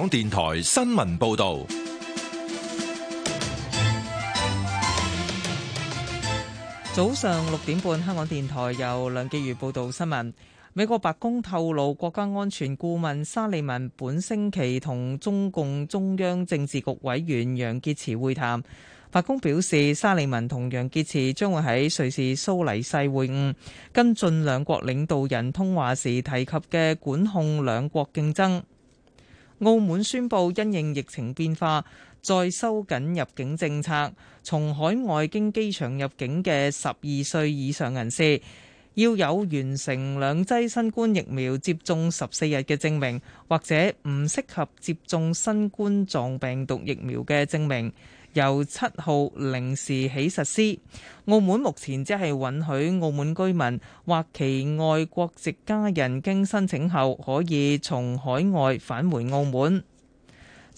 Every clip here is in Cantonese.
港電台新聞報道，早上六點半，香港電台由梁潔如報道新聞。美國白宮透露，國家安全顧問沙利文本星期同中共中央政治局委員楊潔篪會談。白宮表示，沙利文同楊潔篪將會喺瑞士蘇黎世會晤，跟進兩國領導人通話時提及嘅管控兩國競爭。澳門宣布因應疫情變化，再收緊入境政策。從海外經機場入境嘅十二歲以上人士，要有完成兩劑新冠疫苗接種十四日嘅證明，或者唔適合接種新冠狀病毒疫苗嘅證明。由七號零時起實施。澳門目前只係允許澳門居民或其外國籍家人經申請後，可以從海外返回澳門。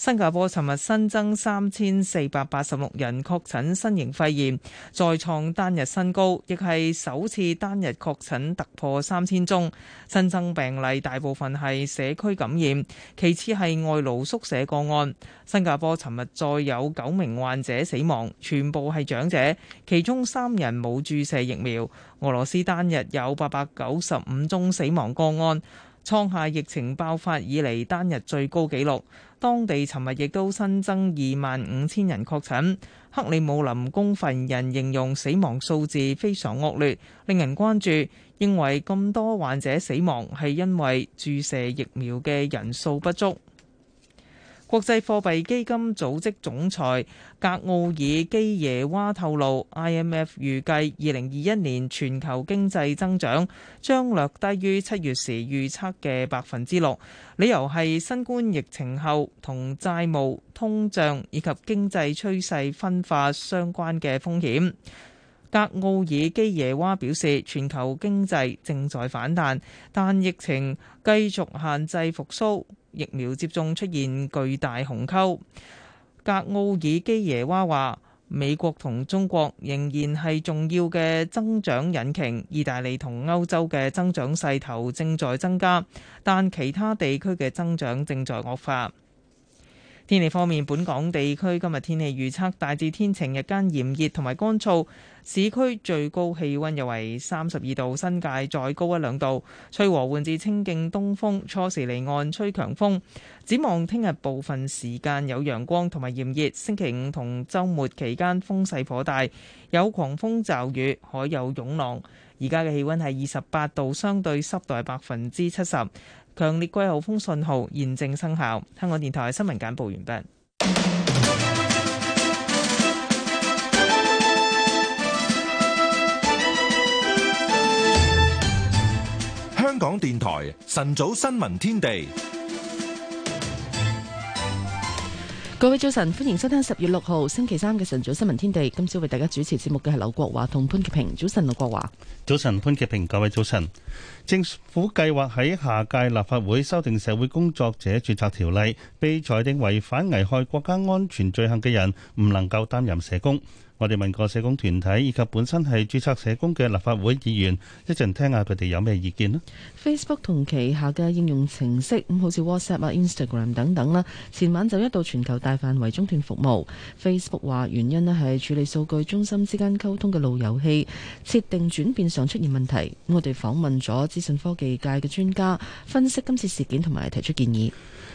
新加坡尋日新增三千四百八十六人確診新型肺炎，再創單日新高，亦係首次單日確診突破三千宗。新增病例大部分係社區感染，其次係外勞宿舍個案。新加坡尋日再有九名患者死亡，全部係長者，其中三人冇注射疫苗。俄羅斯單日有八百九十五宗死亡個案。創下疫情爆發以嚟單日最高紀錄，當地尋日亦都新增二萬五千人確診。克里姆林宮發言人形容死亡數字非常惡劣，令人關注，認為咁多患者死亡係因為注射疫苗嘅人數不足。國際貨幣基金組織總裁格奧爾基耶娃透露，IMF 預計二零二一年全球經濟增長將略低於七月時預測嘅百分之六，理由係新冠疫情後同債務、通脹以及經濟趨勢分化相關嘅風險。格奧爾基耶娃表示，全球經濟正在反彈，但疫情繼續限制復甦。疫苗接種出現巨大鴻溝，格奧爾基耶娃話，美國同中國仍然係重要嘅增長引擎，意大利同歐洲嘅增長勢頭正在增加，但其他地區嘅增長正在惡化。天氣方面，本港地區今日天氣預測大致天晴，日間炎熱同埋乾燥。市區最高氣温約為三十二度，新界再高一兩度。吹和緩至清勁東風，初時離岸吹強風。展望聽日部分時間有陽光同埋炎熱，星期五同周末期間風勢頗大，有狂風驟雨，海有湧浪。而家嘅氣温係二十八度，相對濕度係百分之七十，強烈季候風信號現正生效。香港電台新聞簡報完畢。香港電台晨早新聞天地。各位早晨，歡迎收聽十月六號星期三嘅晨早新聞天地。今朝為大家主持節目嘅係劉國華同潘潔平。早晨，劉國華。早晨，潘潔平。各位早晨。政府計劃喺下屆立法會修訂《社會工作者註冊條例》，被裁定違反危害國家安全罪行嘅人，唔能夠擔任社工。我哋問過社工團體以及本身係註冊社工嘅立法會議員，一陣聽下佢哋有咩意見啦。Facebook 同旗下嘅應用程式，咁好似 WhatsApp 啊、Instagram 等等啦，前晚就一度全球大範圍中斷服務。Facebook 話原因咧係處理數據中心之間溝通嘅路由器設定轉變上出現問題。我哋訪問咗資訊科技界嘅專家，分析今次事件同埋提出建議。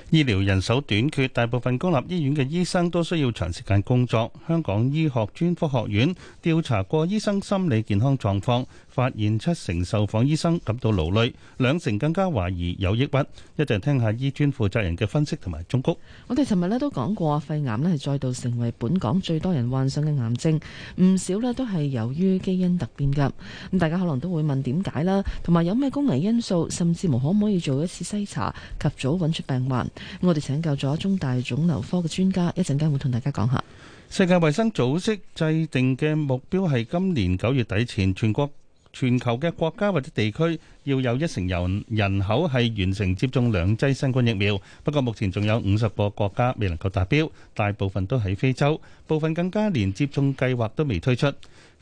醫療人手短缺，大部分公立醫院嘅醫生都需要長時間工作。香港醫學專科學院調查過醫生心理健康狀況。發現七成受訪醫生感到勞累，兩成更加懷疑有抑鬱。一陣聽下醫專負責人嘅分析同埋忠告。我哋尋日咧都講過，肺癌咧係再度成為本港最多人患上嘅癌症，唔少咧都係由於基因突變㗎。咁大家可能都會問點解啦，同埋有咩高危因素，甚至乎可唔可以做一次篩查及早揾出病患？我哋請教咗中大腫瘤科嘅專家，一陣間會同大家講下。世界衞生組織制定嘅目標係今年九月底前全國全球嘅國家或者地區要有一成人人口係完成接種兩劑新冠疫苗，不過目前仲有五十個國家未能夠達標，大部分都喺非洲，部分更加連接種計劃都未推出。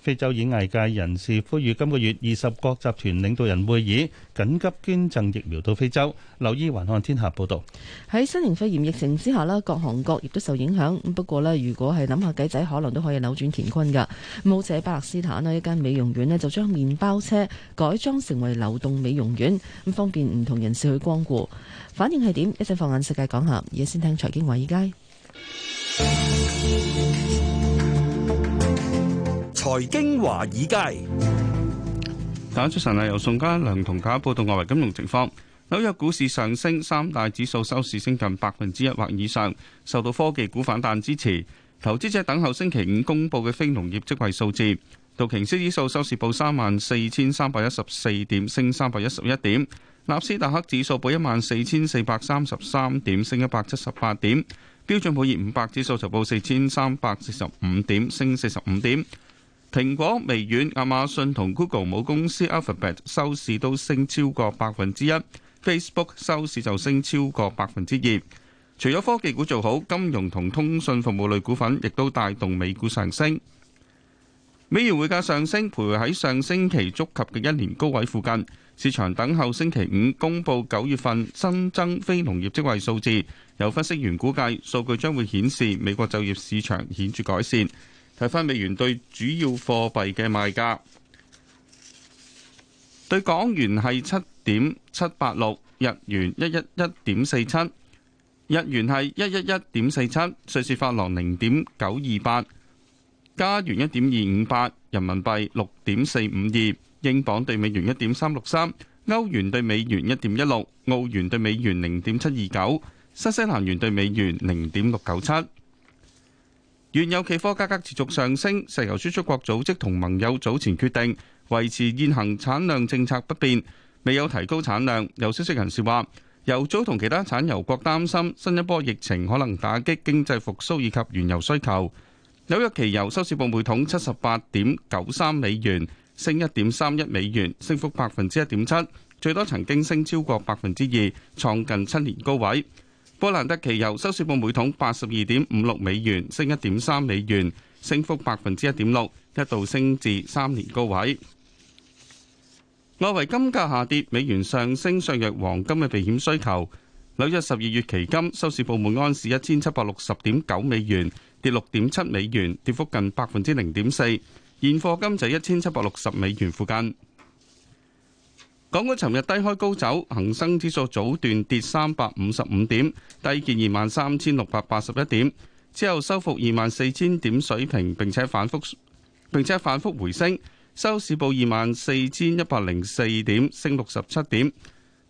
非洲演藝界人士呼籲今個月二十國集團領導人會議緊急捐贈疫苗到非洲。留意環看天下報道：「喺新型肺炎疫情之下啦，各行各業都受影響。不過咧，如果係諗下計仔，可能都可以扭轉乾坤噶。冇者巴勒斯坦呢一間美容院咧就將麪包車改裝成為流動美容院，咁方便唔同人士去光顧。反應係點？一陣放眼世界講下，而家先聽財經華爾街。 財經華爾街，大家早晨啊！由宋嘉良同大家報道外圍金融情況。紐約股市上升，三大指數收市升近百分之一或以上，受到科技股反彈支持。投資者等候星期五公佈嘅非農業職位數字。道瓊斯指數收市報三萬四千三百一十四點，升三百一十一點；納斯達克指數報一萬四千四百三十三點，升一百七十八點；標準普爾五百指數就報四千三百四十五點，升四十五點。蘋果、微軟、亞馬遜同 Google 母公司 Alphabet 收市都升超過百分之一，Facebook 收市就升超過百分之二。除咗科技股做好，金融同通訊服務類股份亦都帶動美股上升。美元匯價上升，徘徊喺上星期觸及嘅一年高位附近。市場等候星期五公佈九月份新增非農業職位數字，有分析員估計數據將會顯示美國就業市場顯著改善。睇返美元對主要貨幣嘅賣價，對港元係七點七八六，日元一一一點四七，日元係一一一點四七，瑞士法郎零點九二八，加元一點二五八，人民幣六點四五二，英鎊對美元一點三六三，歐元對美元一點一六，澳元對美元零點七二九，新西蘭元對美元零點六九七。原油期貨價格持續上升，石油輸出國組織同盟友早前決定維持現行產量政策不變，未有提高產量。有消息人士話，油組同其他產油國擔心新一波疫情可能打擊經濟復甦以及原油需求。紐約期油收市報每桶七十八點九三美元，升一點三一美元，升幅百分之一點七，最多曾經升超過百分之二，創近七年高位。布蘭特期油收市報每桶八十二點五六美元，升一點三美元，升幅百分之一點六，一度升至三年高位。外圍金價下跌，美元上升削弱黃金嘅避險需求。紐約十二月期金收市報每盎司一千七百六十點九美元，跌六點七美元，跌幅近百分之零點四。現貨金就一千七百六十美元附近。港股尋日低開高走，恒生指數早段跌三百五十五點，低見二萬三千六百八十一點，之後收復二萬四千點水平，並且反復並且反復回升，收市報二萬四千一百零四點，升六十七點。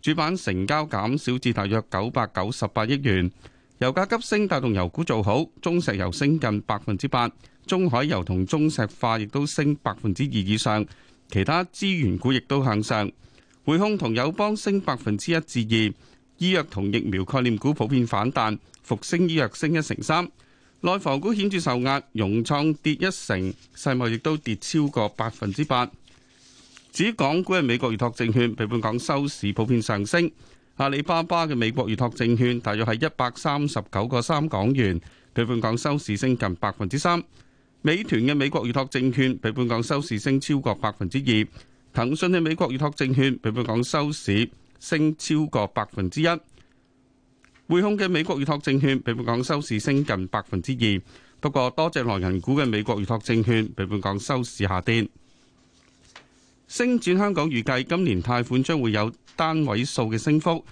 主板成交減少至大約九百九十八億元。油價急升帶動油股做好，中石油升近百分之八，中海油同中石化亦都升百分之二以上，其他資源股亦都向上。匯控同友邦升百分之一至二，醫藥同疫苗概念股普遍反彈，復星醫藥升一成三。內房股顯著受壓，融創跌一成，世茂亦都跌超過百分之八。至於港股嘅美國預託證券，比本港收市普遍上升。阿里巴巴嘅美國預託證券大約係一百三十九個三港元，比本港收市升近百分之三。美團嘅美國預託證券比本港收市升超過百分之二。騰訊嘅美國預託證券，比本港收市升超過百分之一；匯控嘅美國預託證券，比本港收市升近百分之二。不過多隻來人股嘅美國預託證券，比本港收市下跌。星展香港預計今年貸款將會有單位數嘅升幅，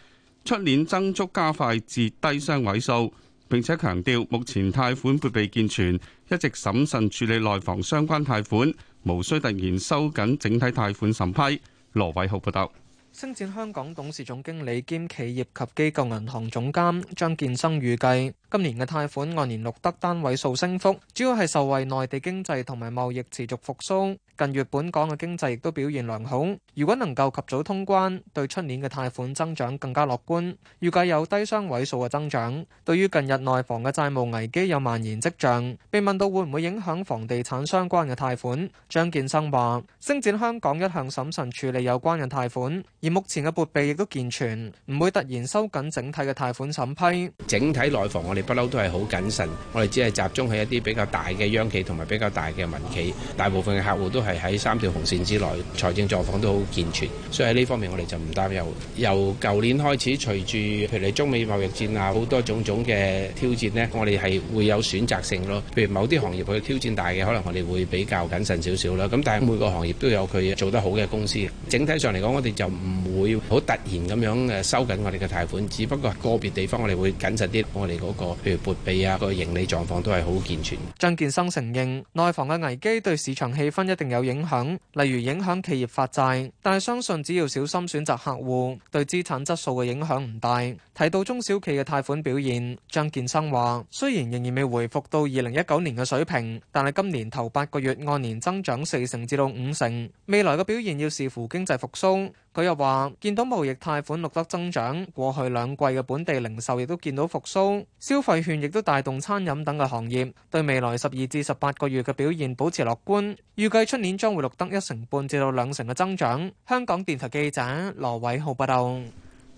出年增速加快至低雙位數。並且強調，目前貸款撥備健全，一直審慎處理內房相關貸款。無需突然收緊整體貸款審批。羅偉浩報道，星展香港董事總經理兼企業及機構銀行總監張建生預計，今年嘅貸款按年錄得單位數升幅，主要係受惠內地經濟同埋貿易持續復甦。近月本港嘅經濟亦都表現良好。如果能夠及早通關，對出年嘅貸款增長更加樂觀。預計有低雙位數嘅增長。對於近日內房嘅債務危機有蔓延跡象，被問到會唔會影響房地產相關嘅貸款，張建生話：星展香港一向審慎處理有關嘅貸款，而目前嘅撥備亦都健全，唔會突然收緊整體嘅貸款審批。整體內房我哋。不嬲都係好謹慎，我哋只係集中喺一啲比較大嘅央企同埋比較大嘅民企，大部分嘅客戶都係喺三條紅線之內，財政狀況都好健全，所以喺呢方面我哋就唔擔憂。由舊年開始，隨住譬如你中美貿易戰啊，好多種種嘅挑戰呢，我哋係會有選擇性咯。譬如某啲行業佢挑戰大嘅，可能我哋會比較謹慎少少啦。咁但係每個行業都有佢做得好嘅公司，整體上嚟講，我哋就唔會好突然咁樣誒收緊我哋嘅貸款，只不過個別地方我哋會謹慎啲，我哋嗰譬如撥備啊，個盈利狀況都係好健全。張建生承認內房嘅危機對市場氣氛一定有影響，例如影響企業發債，但係相信只要小心選擇客戶，對資產質素嘅影響唔大。提到中小企嘅貸款表現，張建生話：雖然仍然未回復到二零一九年嘅水平，但係今年頭八個月按年增長四成至到五成，未來嘅表現要視乎經濟復甦。佢又話：見到貿易貸款錄得增長，過去兩季嘅本地零售亦都見到復甦，消費券亦都帶動餐飲等嘅行業，對未來十二至十八個月嘅表現保持樂觀，預計出年將會錄得一成半至到兩成嘅增長。香港電台記者羅偉浩報道，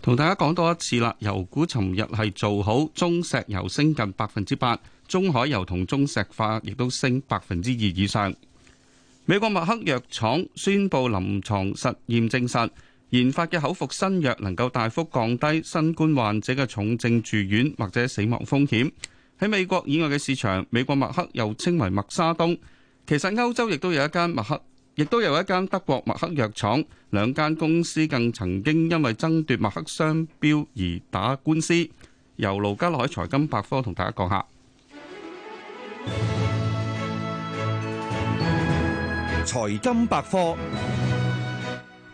同大家講多一次啦。油股尋日係做好，中石油升近百分之八，中海油同中石化亦都升百分之二以上。美國麥克藥廠宣布臨床實驗證實，研發嘅口服新藥能夠大幅降低新冠患者嘅重症住院或者死亡風險。喺美國以外嘅市場，美國默克又稱為默沙東。其實歐洲亦都有一間默克，亦都有一間德國默克藥廠。兩間公司更曾經因為爭奪默克商標而打官司。由盧家海財金百科同大家講下財金百科。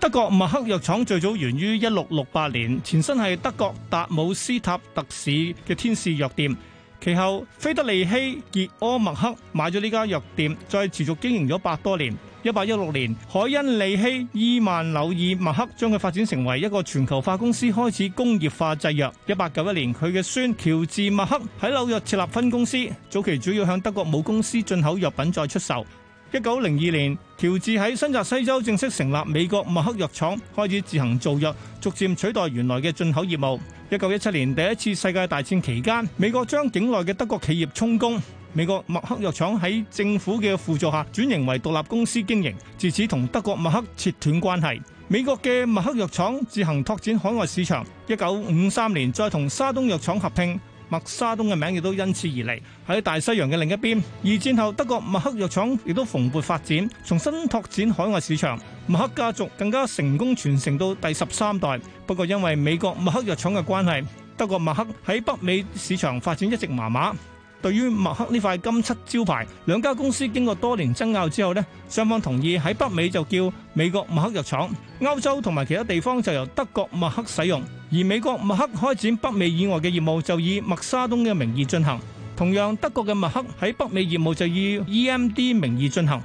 德國默克藥廠最早源於一六六八年，前身係德國達姆斯塔特市嘅天使藥店。其後，菲德利希·傑柯·默克買咗呢家藥店，再持續經營咗百多年。一八一六年，海恩利希·伊曼紐爾，爾·默克將佢發展成為一個全球化公司，開始工業化製藥。一八九一年，佢嘅孫喬治·默克喺紐約設立分公司，早期主要向德國母公司進口藥品再出售。一九零二年，喬治喺新澤西州正式成立美國默克藥廠，開始自行造藥，逐漸取代原來嘅進口業務。一九一七年，第一次世界大戰期間，美國將境內嘅德國企業充公，美國默克藥廠喺政府嘅輔助下轉型為獨立公司經營，自此同德國默克切斷關係。美國嘅默克藥廠自行拓展海外市場。一九五三年再同沙東藥廠合併。默沙東嘅名亦都因此而嚟。喺大西洋嘅另一邊，二戰後德國默克藥廠亦都蓬勃發展，重新拓展海外市場。默克家族更加成功傳承到第十三代，不過因為美國默克藥廠嘅關係，德國默克喺北美市場發展一直麻麻。對於麥克呢塊金漆招牌，兩家公司經過多年爭拗之後呢，雙方同意喺北美就叫美國麥克藥廠，歐洲同埋其他地方就由德國麥克使用。而美國麥克開展北美以外嘅業務就以麥沙東嘅名義進行。同樣，德國嘅麥克喺北美業務就以 EMD 名義進行。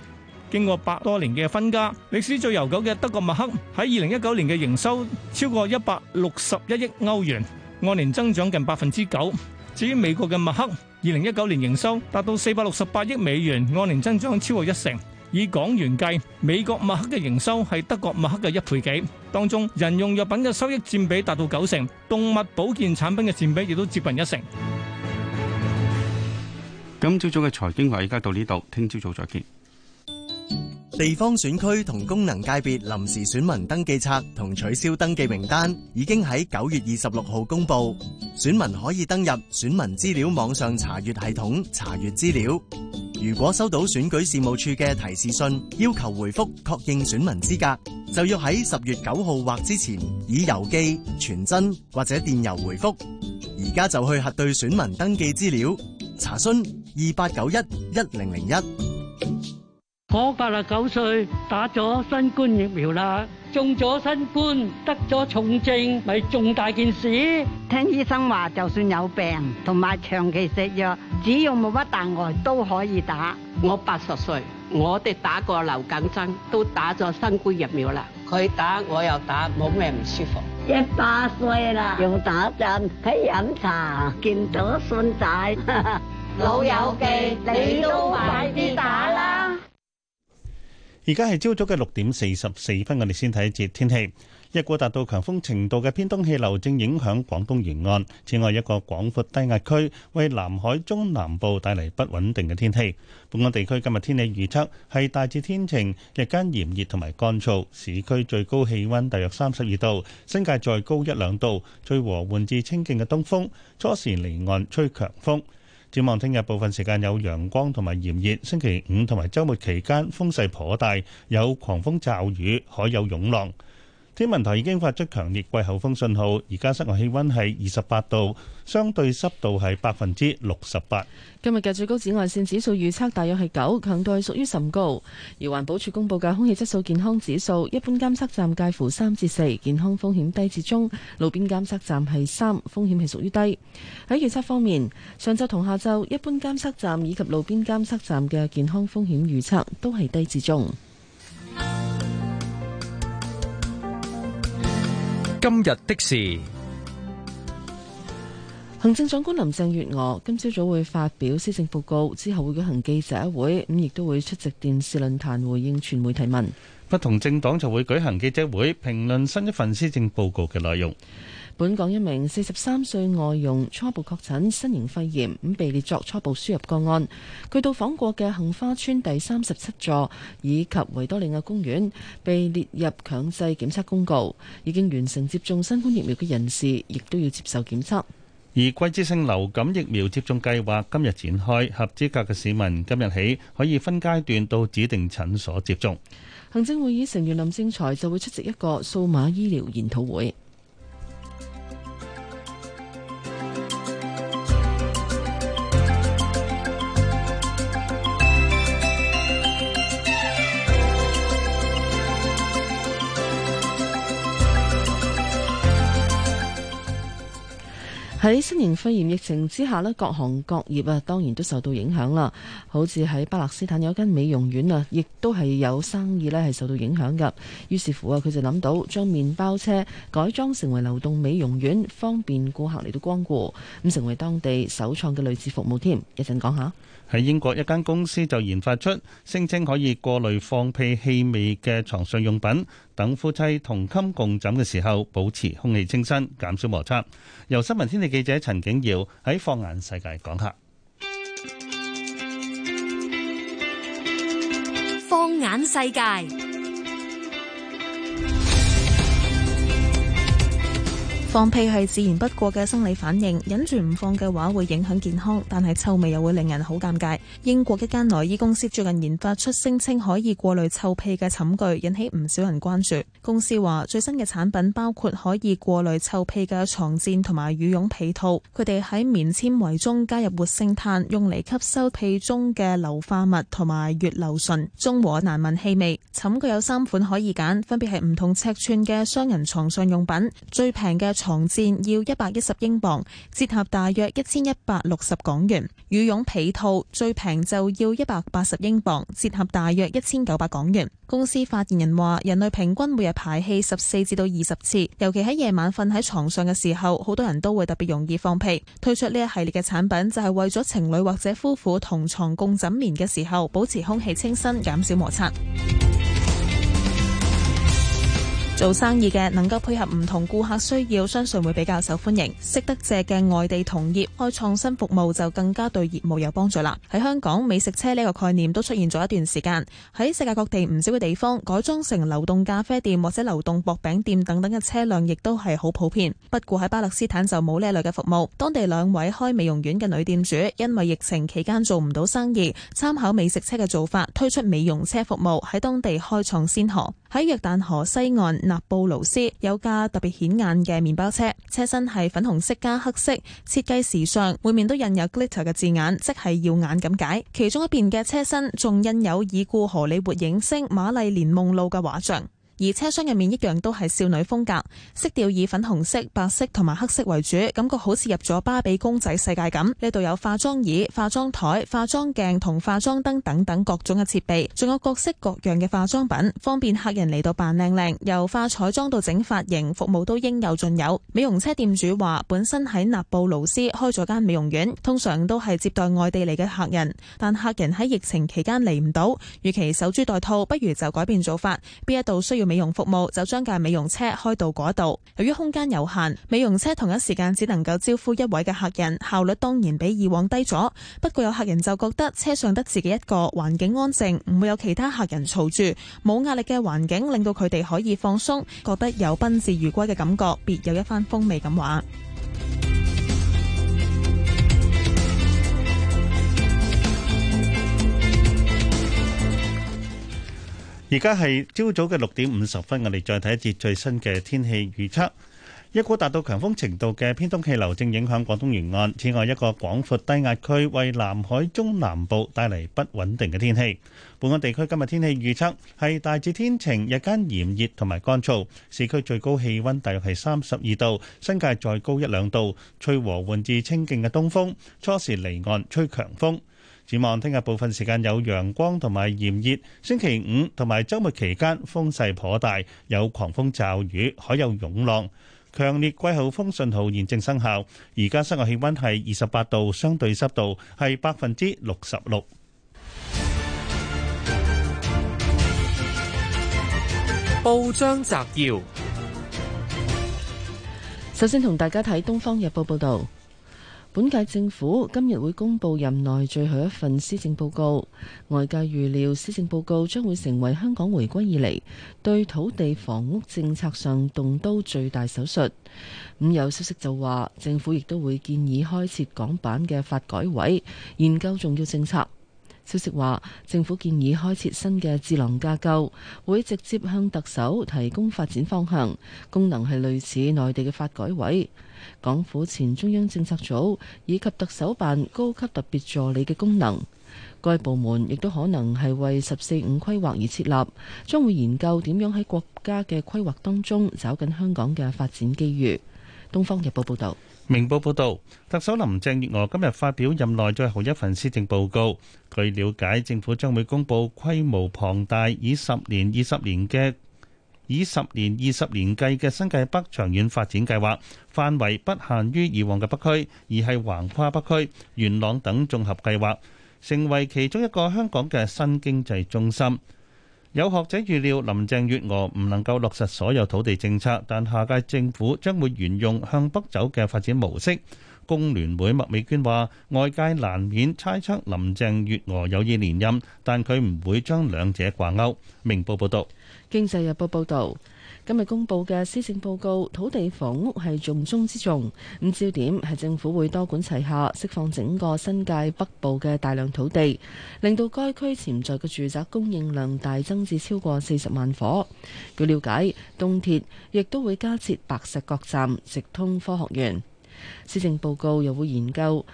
經過百多年嘅分家，歷史最悠久嘅德國麥克喺二零一九年嘅營收超過一百六十一億歐元，按年增長近百分之九。至於美國嘅默克，二零一九年營收達到四百六十八億美元，按年增長超過一成。以港元計，美國默克嘅營收係德國默克嘅一倍幾。當中，人用藥品嘅收益占比達到九成，動物保健產品嘅占比亦都接近一成。今朝早嘅財經話，而家到呢度，聽朝早再見。地方選區同功能界別臨時選民登記冊同取消登記名單已經喺九月二十六號公布。選民可以登入選民資料網上查閱系統查閱資料。如果收到選舉事務處嘅提示信，要求回覆確認選民資格，就要喺十月九號或之前以郵寄、傳真或者電郵回覆。而家就去核對選民登記資料，查詢二八九一一零零一。我八十九歲，打咗新冠疫苗啦，中咗新冠，得咗重症，咪重大件事。聽醫生話，就算有病同埋長期食藥，只要冇乜大礙都可以打。我八十歲，我哋打過流感針，都打咗新冠疫苗啦。佢打我又打，冇咩唔舒服。一百歲啦，用打針，喺飲茶見到孫仔，老友記，你都快啲打啦！而家係朝早嘅六點四十四分，我哋先睇一節天氣。一股達到強風程度嘅偏東氣流正影響廣東沿岸。此外，一個廣闊低壓區為南海中南部帶嚟不穩定嘅天氣。本港地區今日天，天氣預測係大致天晴，日間炎熱同埋乾燥，市區最高氣溫大約三十二度，新界再高一兩度。吹和緩至清勁嘅東風，初時離岸吹強風。展望聽日部分時間有陽光同埋炎熱，星期五同埋周末期間風勢頗大，有狂風驟雨，海有湧浪。天文台已經發出強烈季候風信號，而家室外氣温係二十八度，相對濕度係百分之六十八。今日嘅最高紫外線指數預測大約係九，強度係屬於甚高。而環保署公布嘅空氣質素健康指數，一般監測站介乎三至四，健康風險低至中；路邊監測站係三，風險係屬於低。喺預測方面，上晝同下晝，一般監測站以及路邊監測站嘅健康風險預測都係低至中。今日的事，行政長官林鄭月娥今朝早會發表施政報告，之後會舉行記者會，咁亦都會出席電視論壇回應傳媒提問。不同政黨就會舉行記者會，評論新一份施政報告嘅內容。本港一名四十三歲外傭初步確診新型肺炎，咁被列作初步輸入個案。佢到訪過嘅杏花邨第三十七座以及維多利亞公園，被列入強制檢測公告。已經完成接種新冠疫苗嘅人士，亦都要接受檢測。而季節性流感疫苗接種計劃今日展開，合資格嘅市民今日起可以分階段到指定診所接種。行政會議成員林正財就會出席一個數碼醫療研討會。喺新型肺炎疫情之下咧，各行各業啊，當然都受到影響啦。好似喺巴勒斯坦有間美容院啊，亦都係有生意咧，係受到影響㗎。於是乎啊，佢就諗到將麵包車改裝成為流動美容院，方便顧客嚟到光顧，咁成為當地首創嘅類似服務添。一陣講下。喺英國一間公司就研發出聲稱可以過濾放屁氣味嘅床上用品，等夫妻同衾共枕嘅時候保持空氣清新，減少摩擦。由新聞天地記者陳景耀喺放眼世界講下。放眼世界。放屁係自然不過嘅生理反應，忍住唔放嘅話會影響健康，但係臭味又會令人好尷尬。英國一間內衣公司最近研發出聲稱可以過濾臭屁嘅寢具，引起唔少人關注。公司話最新嘅產品包括可以過濾臭屁嘅床墊同埋羽絨被套，佢哋喺棉纖維中加入活性炭，用嚟吸收屁中嘅硫化物同埋乙硫醇，中和難聞氣味。寢具有三款可以揀，分別係唔同尺寸嘅雙人床上用品，最平嘅床墊要一百一十英鎊，折合大約一千一百六十港元；羽絨被套最平就要一百八十英鎊，折合大約一千九百港元。公司發言人話：人類平均每日排氣十四至到二十次，尤其喺夜晚瞓喺床上嘅時候，好多人都會特別容易放屁。推出呢一系列嘅產品就係為咗情侶或者夫婦同床共枕眠嘅時候，保持空氣清新，減少摩擦。做生意嘅能夠配合唔同顧客需要，相信會比較受歡迎。識得借嘅外地同業開創新服務就更加對業務有幫助啦。喺香港，美食車呢個概念都出現咗一段時間，喺世界各地唔少嘅地方，改裝成流動咖啡店或者流動薄餅店等等嘅車輛亦都係好普遍。不過喺巴勒斯坦就冇呢類嘅服務，當地兩位開美容院嘅女店主，因為疫情期間做唔到生意，參考美食車嘅做法，推出美容車服務，喺當地開創先河。喺約旦河西岸納布盧斯有架特別顯眼嘅麵包車，車身係粉紅色加黑色，設計時尚，每面都印有 glitter 嘅字眼，即係耀眼咁解。其中一邊嘅車身仲印有已故荷里活影星瑪麗蓮夢露嘅畫像。而車廂入面一樣都係少女風格，色調以粉紅色、白色同埋黑色為主，感覺好似入咗芭比公仔世界咁。呢度有化妝椅、化妝台、化妝鏡同化妝燈等等各種嘅設備，仲有各式各樣嘅化妝品，方便客人嚟到扮靚靚，由化彩妝到整髮型，服務都應有盡有。美容車店主話：本身喺納布勞斯開咗間美容院，通常都係接待外地嚟嘅客人，但客人喺疫情期間嚟唔到，與其守株待兔，不如就改變做法，邊一度需要，美容服務就將架美容車開到嗰度，由於空間有限，美容車同一時間只能夠招呼一位嘅客人，效率當然比以往低咗。不過有客人就覺得車上得自己一個，環境安靜，唔會有其他客人嘈住，冇壓力嘅環境令到佢哋可以放鬆，覺得有賓至如歸嘅感覺，別有一番風味咁話。而家係朝早嘅六點五十分，我哋再睇一節最新嘅天氣預測。一股達到強風程度嘅偏東氣流正影響廣東沿岸，此外，一個廣闊低壓區為南海中南部帶嚟不穩定嘅天氣。本港地區今日天氣預測係大致天晴，日間炎熱同埋乾燥，市區最高氣溫大約係三十二度，新界再高一兩度，吹和緩至清勁嘅東風，初時離岸吹強風。展望聽日部分時間有陽光同埋炎熱，星期五同埋周末期間風勢頗大，有狂風驟雨，海有湧浪。強烈季候風信號現正生效。而家室外氣溫係二十八度，相對濕度係百分之六十六。報章摘要，首先同大家睇《東方日報》報道。本屆政府今日會公布任內最後一份施政報告，外界預料施政報告將會成為香港回歸以嚟對土地房屋政策上動刀最大手術。咁有消息就話，政府亦都會建議開設港版嘅發改委，研究重要政策。消息話，政府建議開設新嘅智囊架構，會直接向特首提供發展方向，功能係類似內地嘅發改委。港府前中央政策組以及特首辦高級特別助理嘅功能，該部門亦都可能係為十四五規劃而設立，將會研究點樣喺國家嘅規劃當中找緊香港嘅發展機遇。東方日報報道，明報報道，特首林鄭月娥今日發表任內最後一份施政報告，據了解，政府將會公佈規模龐大，以十年、二十年嘅。以十年、二十年計嘅新界北長遠發展計劃，範圍不限於以往嘅北區，而係橫跨北區、元朗等綜合計劃，成為其中一個香港嘅新經濟中心。有學者預料，林鄭月娥唔能夠落實所有土地政策，但下屆政府將會沿用向北走嘅發展模式。工聯會麥美娟話：外界難免猜測林鄭月娥有意連任，但佢唔會將兩者掛鈎。明報報道，經濟日報報道，今日公布嘅施政報告，土地房屋係重中之重。咁焦點係政府會多管齊下，釋放整個新界北部嘅大量土地，令到該區潛在嘅住宅供應量大增至超過四十萬伙。據了解，東鐵亦都會加設白石角站，直通科學園。施政報告又會研究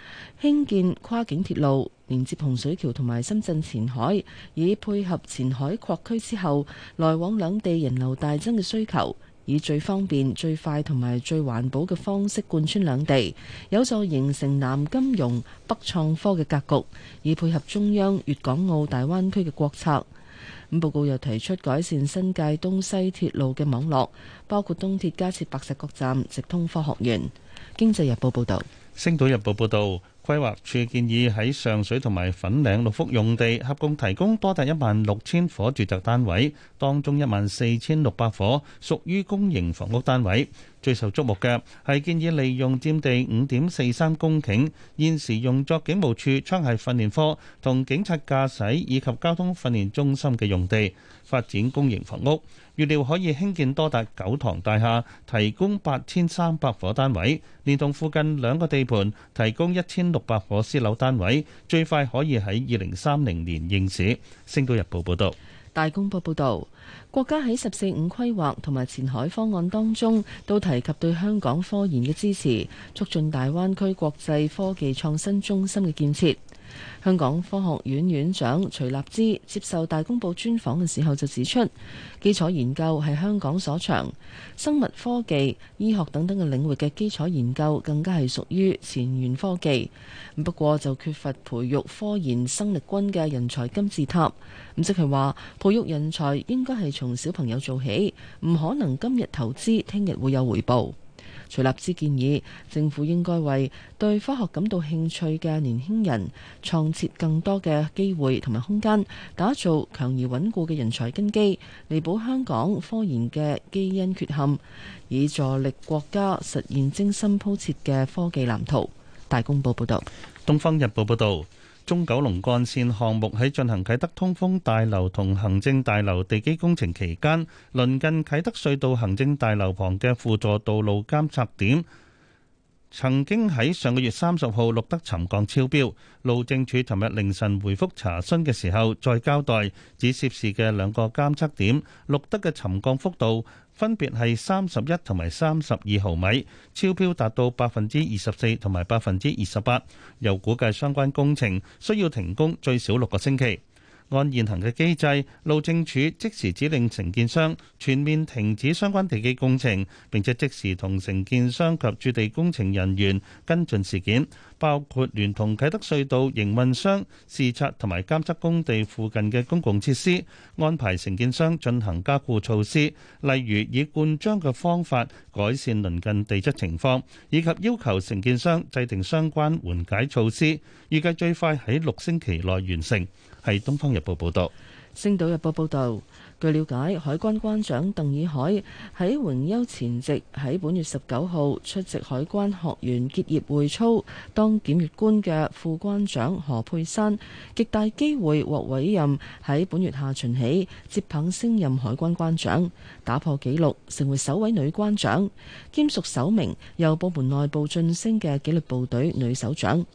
興建跨境鐵路，連接洪水橋同埋深圳前海，以配合前海擴區之後來往兩地人流大增嘅需求，以最方便、最快同埋最環保嘅方式貫穿兩地，有助形成南金融、北創科嘅格局，以配合中央粵港澳大灣區嘅國策。咁報告又提出改善新界東西鐵路嘅網絡，包括東鐵加設白石角站，直通科學園。經濟日報報道，星島日報報道，規劃署建議喺上水同埋粉嶺六幅用地，合共提供多達一萬六千伙住宅單位，當中一萬四千六百伙屬於公營房屋單位。最受矚目嘅係建議利用佔地五點四三公頃，現時用作警務處槍械訓練科同警察駕駛以及交通訓練中心嘅用地，發展公營房屋。預料可以興建多達九幢大廈，提供八千三百伙單位，連同附近兩個地盤提供一千六百伙私樓單位，最快可以喺二零三零年應市。《星島日報報道。大公報報道，國家喺十四五規劃同埋前海方案當中都提及對香港科研嘅支持，促進大灣區國際科技創新中心嘅建設。香港科學院院長徐立之接受大公報專訪嘅時候就指出，基礎研究係香港所長，生物科技、醫學等等嘅領域嘅基礎研究更加係屬於前沿科技。不過就缺乏培育科研生力軍嘅人才金字塔。咁即係話培育人才應該係從小朋友做起，唔可能今日投資，聽日會有回報。徐立之建議，政府應該為對科學感到興趣嘅年輕人創設更多嘅機會同埋空間，打造強而穩固嘅人才根基，彌補香港科研嘅基因缺陷，以助力國家實現精心鋪設嘅科技藍圖。大公報報道，東方日報報道。中九龍幹線項目喺進行啟德通風大樓同行政大樓地基工程期間，鄰近啟德隧道行政大樓旁嘅輔助道路監測點，曾經喺上個月三十號錄得沉降超標。路政署尋日凌晨回覆查詢嘅時候，再交代只涉事嘅兩個監測點錄得嘅沉降幅度。分別係三十一同埋三十二毫米，超標達到百分之二十四同埋百分之二十八，又估計相關工程需要停工最少六個星期。按現行嘅機制，路政署即時指令承建商全面停止相關地基工程，並且即時同承建商及駐地工程人員跟進事件。包括聯同啟德隧道營運商視察同埋監測工地附近嘅公共設施，安排承建商進行加固措施，例如以灌漿嘅方法改善鄰近地質情況，以及要求承建商制定相關緩解措施。預計最快喺六星期內完成。係《東方日報》報道。《星島日報》報道。據了解，海關關長鄧以海喺榮休前夕，喺本月十九號出席海關學員結業會操。當檢閱官嘅副關長何佩珊，極大機會獲委任喺本月下旬起接棒升任海關關長，打破紀錄，成為首位女關長，兼屬首名由部門內部晉升嘅紀律部隊女首長。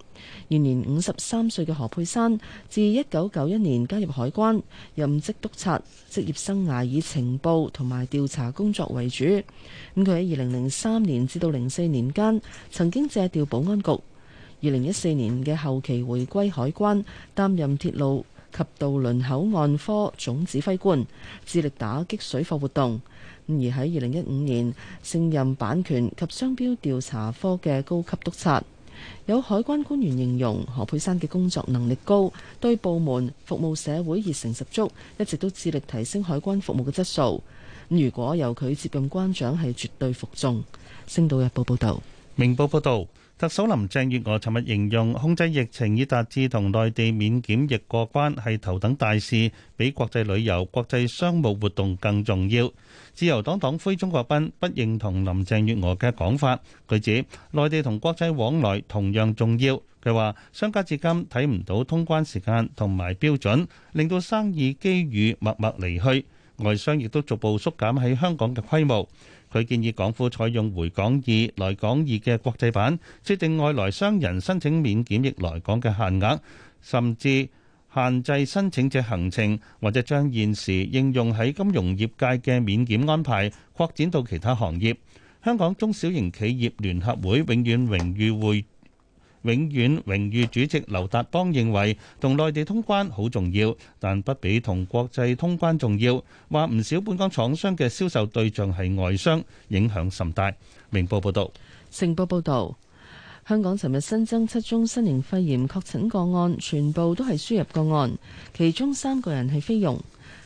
現年五十三歲嘅何佩珊，自一九九一年加入海關，任職督察，職業生涯以情報同埋調查工作為主。咁佢喺二零零三年至到零四年間，曾經借調保安局。二零一四年嘅後期回歸海關，擔任鐵路及渡輪口岸科總指揮官，致力打擊水貨活動。而喺二零一五年，升任版權及商標調查科嘅高級督察。有海關官員形容何佩珊嘅工作能力高，對部門服務社會熱誠十足，一直都致力提升海關服務嘅質素。如果由佢接任關長，係絕對服眾。星島日報報道，明報報道，特首林鄭月娥尋日形容控制疫情以達至同內地免檢疫過關係頭等大事，比國際旅遊、國際商務活動更重要。自由黨黨魁鍾國斌不認同林鄭月娥嘅講法，佢指內地同國際往來同樣重要。佢話商家至今睇唔到通關時間同埋標準，令到生意機遇默默離去，外商亦都逐步縮減喺香港嘅規模。佢建議港府採用回港易、來港易嘅國際版，設定外來商人申請免檢疫來港嘅限額，甚至限制申請者行程，或者將現時應用喺金融業界嘅免檢安排擴展到其他行業。香港中小型企業聯合會永遠榮譽會永遠榮譽主席劉達邦認為，同內地通關好重要，但不比同國際通關重要。話唔少本港廠商嘅銷售對象係外商，影響甚大。明報報道。成報報導。香港尋日新增七宗新型肺炎確診個案，全部都係輸入個案，其中三個人係菲傭。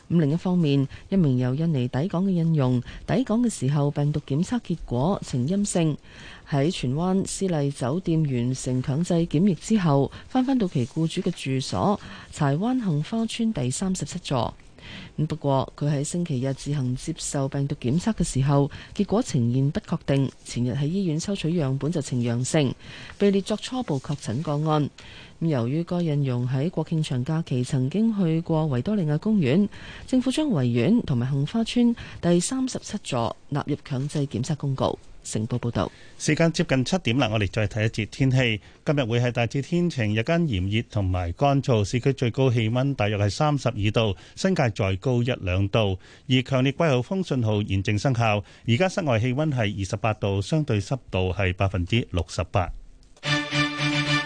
咁另一方面，一名由印尼抵港嘅印傭抵港嘅時候病毒檢測結果呈陰性，喺荃灣私麗酒店完成強制檢疫之後翻返到其僱主嘅住所柴灣杏花邨第三十七座。咁不過佢喺星期日自行接受病毒檢測嘅時候，結果呈現不確定。前日喺醫院抽取樣本就呈陽性，被列作初步確診個案。咁由於該印傭喺國慶長假期曾經去過維多利亞公園，政府將維園同埋杏花村第三十七座納入強制檢測公告。成報報道，時間接近七點啦，我哋再睇一節天氣。今日會係大致天晴，日間炎熱同埋乾燥，市區最高氣溫大約係三十二度，新界再高一兩度。而強烈季候風信號現正生效，而家室外氣溫係二十八度，相對濕度係百分之六十八。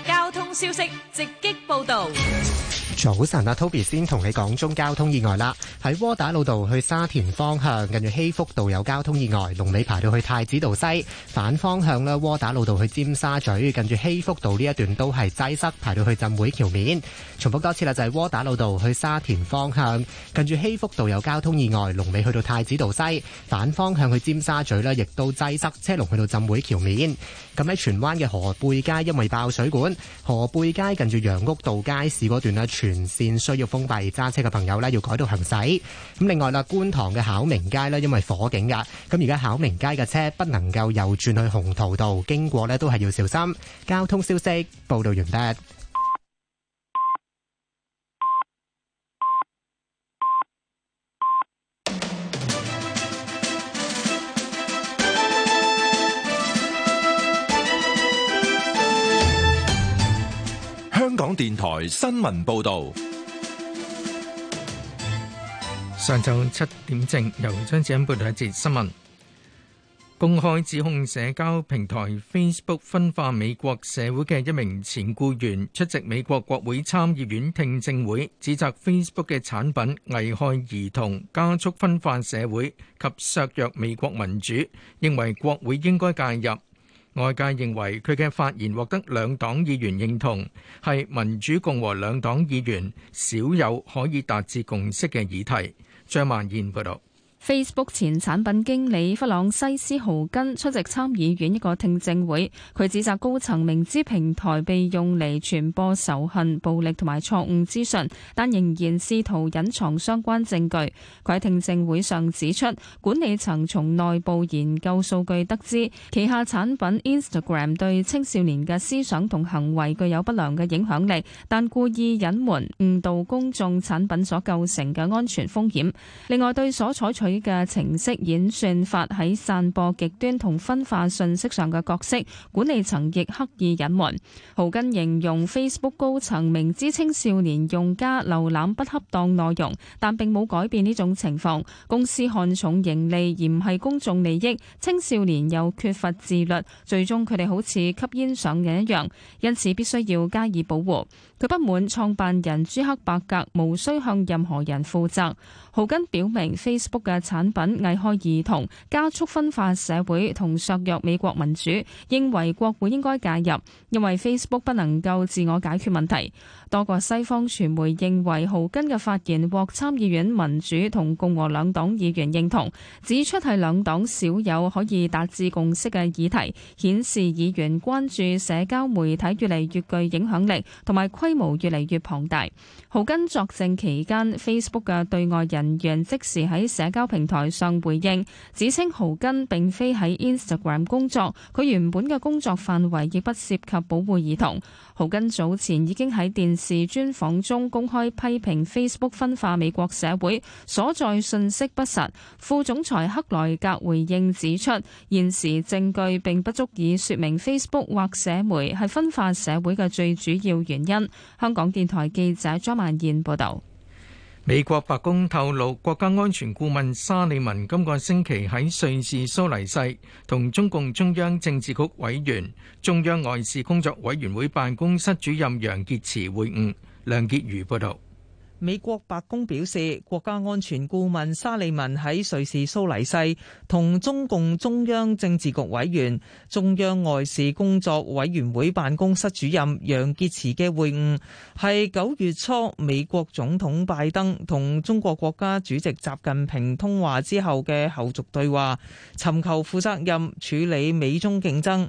交通消息直擊報道。早晨啊，Toby 先同你講中交通意外啦。喺窩打老道去沙田方向，近住希福道有交通意外，龍尾排到去太子道西。反方向呢，窩打老道去尖沙咀，近住希福道呢一段都係擠塞，排到去浸會橋面。重複多次啦，就係窩打老道去沙田方向，近住希福道有交通意外，龍尾去到太子道西。反方向去尖沙咀呢，亦都擠塞，車龍去到浸會橋面。咁喺荃灣嘅河背街，因為爆水管，河背街近住楊屋道街市嗰段啦，全線需要封閉，揸車嘅朋友咧要改道行駛。咁另外啦，觀塘嘅考明街咧，因為火警噶，咁而家考明街嘅車不能夠右轉去鴻圖道，經過咧都係要小心。交通消息報道完畢。香港電台新聞報道，上晝七點正由張子欣報道一節新聞。公開指控社交平台 Facebook 分化美國社會嘅一名前僱員出席美國國會參議院聽證會，指責 Facebook 嘅產品危害兒童、加速分化社會及削弱美國民主，認為國會應該介入。外界認為佢嘅發言獲得兩黨議員認同，係民主共和兩黨議員少有可以達至共識嘅議題。張萬燕報道。Facebook 前產品經理弗朗西斯·豪根出席參議院一個聽證會，佢指責高層明知平台被用嚟傳播仇恨、暴力同埋錯誤資訊，但仍然試圖隱藏相關證據，佢喺聽證會上指出，管理層從內部研究數據得知，旗下產品 Instagram 對青少年嘅思想同行為具有不良嘅影響力，但故意隱瞞誤導公眾產品所構成嘅安全風險，另外，對所採取嘅程式演算法喺散播極端同分化信息上嘅角色，管理層亦刻意隱瞞。豪根形容 Facebook 高層明知青少年用家瀏覽不恰當內容，但並冇改變呢種情況。公司看重盈利，而唔係公眾利益。青少年又缺乏自律，最終佢哋好似吸煙上癮一樣，因此必須要加以保護。佢不滿創辦人朱克伯格無需向任何人負責。豪根表明 Facebook 嘅產品危害兒童、加速分化社會同削弱美國民主，認為國會應該介入，認為 Facebook 不能夠自我解決問題。多個西方傳媒認為，豪根嘅發言獲參議院民主同共和兩黨議員認同，指出係兩黨少有可以達致共識嘅議題，顯示議員關注社交媒體越嚟越具影響力同埋規模越嚟越龐大。豪根作證期間，Facebook 嘅對外人員即時喺社交平台上回應，指稱豪根並非喺 Instagram 工作，佢原本嘅工作範圍亦不涉及保護兒童。豪根早前已經喺電視專訪中公開批評 Facebook 分化美國社會，所在信息不實。副總裁克萊格回應指出，現時證據並不足以説明 Facebook 或社媒係分化社會嘅最主要原因。香港電台記者張曼燕報導。美國白宮透露，國家安全顧問沙利文今個星期喺瑞士蘇黎世同中共中央政治局委員、中央外事工作委員會辦公室主任楊潔篪會晤。梁潔如報道。美國白宮表示，國家安全顧問沙利文喺瑞士蘇黎世同中共中央政治局委員、中央外事工作委員會辦公室主任楊潔篪嘅會晤，係九月初美國總統拜登同中國國家主席習近平通話之後嘅後續對話，尋求負責任處理美中競爭。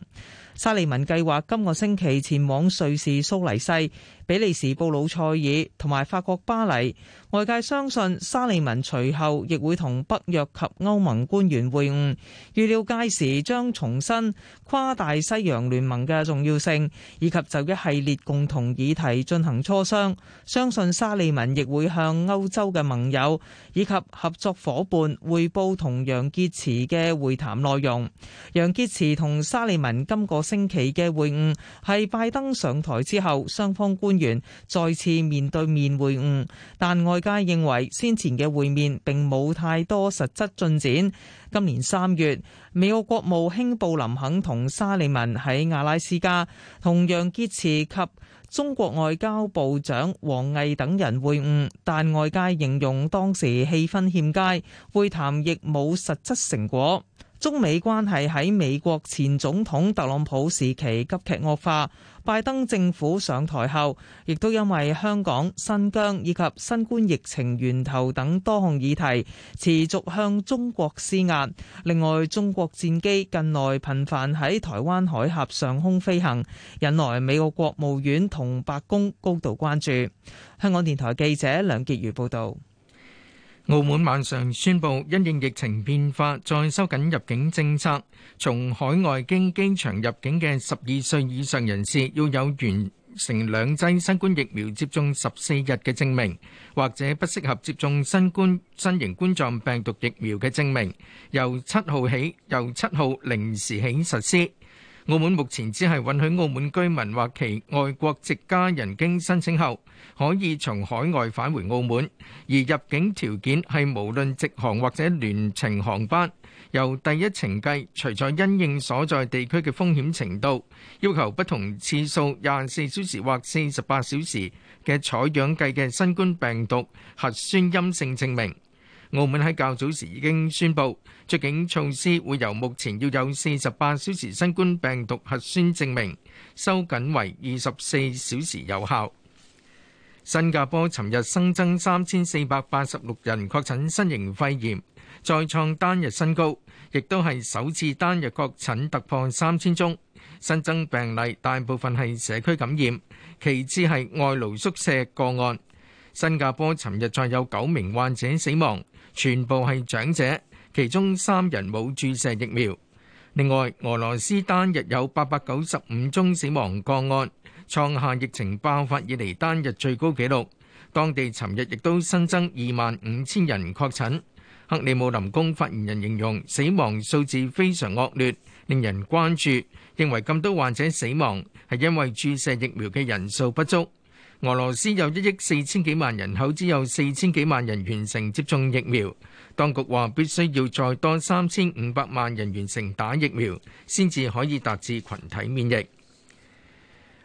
沙利文計劃今個星期前往瑞士蘇黎世，比利時布魯塞爾同埋法國巴黎，外界相信沙利文隨後亦會同北約及歐盟官員會晤，預料屆時將重申跨大西洋聯盟嘅重要性，以及就一系列共同議題進行磋商。相信沙利文亦會向歐洲嘅盟友以及合作夥伴匯報同楊潔篪嘅會談內容。楊潔篪同沙利文今個星期嘅會晤係拜登上台之後雙方官員元再次面對面會晤，但外界認為先前嘅會面並冇太多實質進展。今年三月，美國國務卿布林肯同沙利文喺阿拉斯加同楊潔篪及中國外交部長王毅等人會晤，但外界形容當時氣氛欠佳，會談亦冇實質成果。中美關係喺美國前總統特朗普時期急劇惡化。拜登政府上台後，亦都因為香港、新疆以及新冠疫情源頭等多項議題，持續向中國施壓，另外，中國戰機近來頻繁喺台灣海峽上空飛行，引來美國國務院同白宮高度關注。香港電台記者梁潔如報道。澳門晚上宣布，因應疫情變化，再收緊入境政策。從海外經機場入境嘅十二歲以上人士，要有完成兩劑新冠疫苗接種十四日嘅證明，或者不適合接種新冠新型冠狀病毒疫苗嘅證明。由七號起，由七號零時起實施。澳門目前只係允許澳門居民或其外國籍家人經申請後，可以從海外返回澳門，而入境條件係無論直航或者聯程航班由第一程計，除咗因應所在地區的風險程度要求不同次數廿四小時或四十八小時嘅採樣計嘅新冠病毒核酸陰性證明。澳門喺較早時已經宣布，出境措施會由目前要有四十八小時新冠病毒核酸證明，收緊為二十四小時有效。新加坡尋日新增三千四百八十六人確診新型肺炎，再創單日新高，亦都係首次單日確診突破三千宗。新增病例大部分係社區感染，其次係外勞宿舍個案。新加坡尋日再有九名患者死亡。全部係長者，其中三人冇注射疫苗。另外，俄羅斯單日有895宗死亡個案，創下疫情爆發以嚟單日最高紀錄。當地尋日亦都新增2萬5千人確診。克里姆林宮發言人形容死亡數字非常惡劣，令人關注，認為咁多患者死亡係因為注射疫苗嘅人數不足。俄羅斯有一億四千幾萬人口，只有四千幾萬人完成接種疫苗。當局話必須要再多三千五百萬人完成打疫苗，先至可以達至羣體免疫。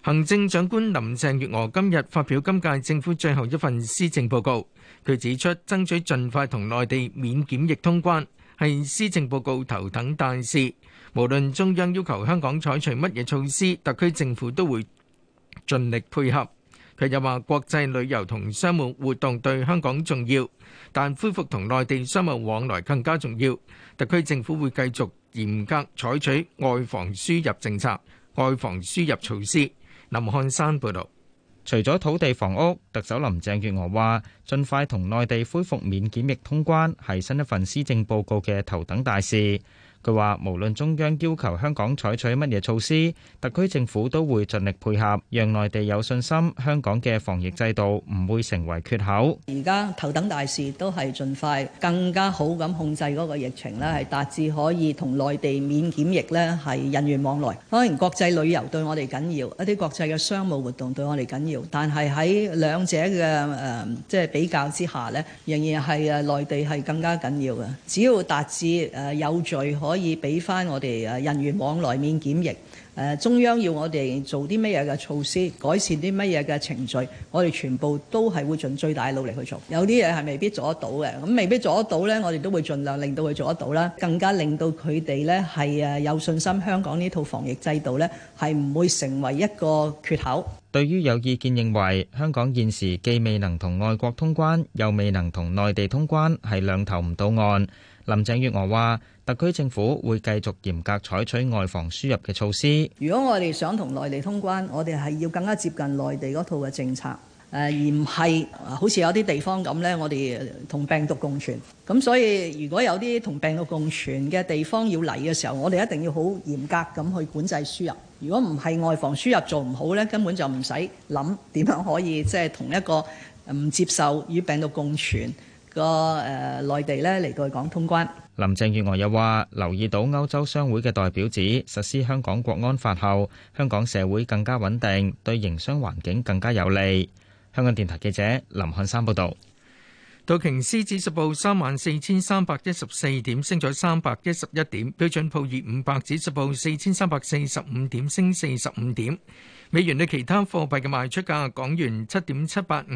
行政長官林鄭月娥今日發表今屆政府最後一份施政報告，佢指出爭取盡快同內地免檢疫通關，係施政報告頭等大事。無論中央要求香港採取乜嘢措施，特區政府都會盡力配合。佢又話：國際旅遊同商務活動對香港重要，但恢復同內地商務往來更加重要。特區政府會繼續嚴格採取外防輸入政策、外防輸入措施。林漢山報導。除咗土地房屋，特首林鄭月娥話：盡快同內地恢復免檢疫通關，係新一份施政報告嘅頭等大事。佢話：無論中央要求香港採取乜嘢措施，特區政府都會盡力配合，讓內地有信心香港嘅防疫制度唔會成為缺口。而家頭等大事都係盡快更加好咁控制嗰個疫情啦，係達至可以同內地免檢疫咧係人員往來。當然國際旅遊對我哋緊要，一啲國際嘅商務活動對我哋緊要，但係喺兩者嘅誒即係比較之下咧，仍然係誒內地係更加緊要嘅。只要達至誒有序可。可以俾翻我哋誒人員往來免檢疫誒，中央要我哋做啲乜嘢嘅措施，改善啲乜嘢嘅程序，我哋全部都係會盡最大努力去做。有啲嘢係未必做得到嘅，咁未必做得到呢，我哋都會盡量令到佢做得到啦，更加令到佢哋呢係誒有信心，香港呢套防疫制度呢係唔會成為一個缺口。對於有意見認為香港現時既未能同外國通關，又未能同內地通關，係兩頭唔到岸，林鄭月娥話。特區政府會繼續嚴格採取外防輸入嘅措施。如果我哋想同內地通關，我哋係要更加接近內地嗰套嘅政策，誒，而唔係好似有啲地方咁咧。我哋同病毒共存，咁所以如果有啲同病毒共存嘅地方要嚟嘅時候，我哋一定要好嚴格咁去管制輸入。如果唔係外防輸入做唔好咧，根本就唔使諗點樣可以即係同一個唔接受與病毒共存個誒、呃、內地咧嚟到港通關。林鄭月娥又話留意到歐洲商會嘅代表指，實施香港國安法後，香港社會更加穩定，對營商環境更加有利。香港電台記者林漢山報道。道瓊斯指數報三萬四千三百一十四點，升咗三百一十一點。標準普爾五百指數報四千三百四十五點，升四十五點。美元對其他貨幣嘅賣出價，港元七點七八五，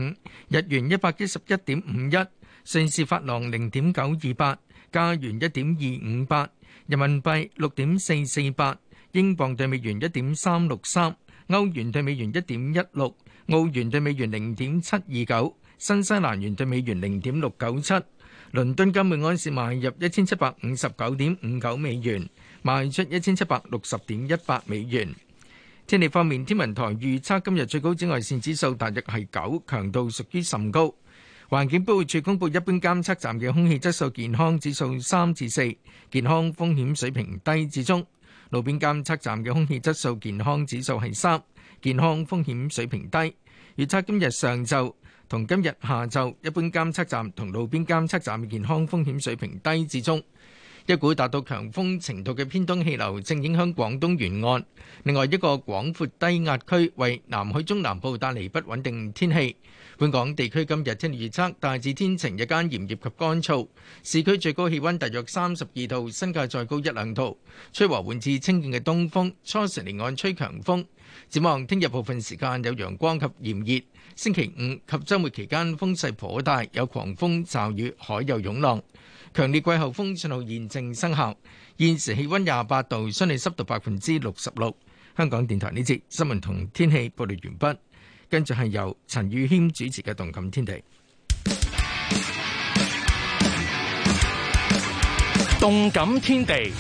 日元一百一十一點五一，瑞士法郎零點九二八。加元一點二五八，人民幣六點四四八，英鎊對美元一點三六三，歐元對美元一點一六，澳元對美元零點七二九，新西蘭元對美元零點六九七，倫敦金每安士賣入一千七百五十九點五九美元，賣出一千七百六十點一八美元。天氣方面，天文台預測今日最高紫外線指數大約係九，強度屬於甚高。環境保護署公布，一般監測站嘅空氣質素健康指數三至四，健康風險水平低至中；路邊監測站嘅空氣質素健康指數係三，健康風險水平低。預測今日上晝同今日下晝，一般監測站同路邊監測站嘅健康風險水平低至中。一股達到強風程度嘅偏東氣流正影響廣東沿岸，另外一個廣闊低壓區為南海中南部帶嚟不穩定天氣。本港地區今日天氣預測，大致天晴，日間炎熱及乾燥，市區最高氣温大約三十二度，新界再高一兩度。吹和緩至清勁嘅東風，初時離岸吹強風。展望聽日部分時間有陽光及炎熱，星期五及周末期間風勢頗大，有狂風驟雨，海有湧浪。強烈季候風信號現正生效。現時氣温廿八度，相對濕度百分之六十六。香港電台呢節新聞同天氣報道完畢。跟住係由陳宇謙主持嘅《動感天地》。動感天地，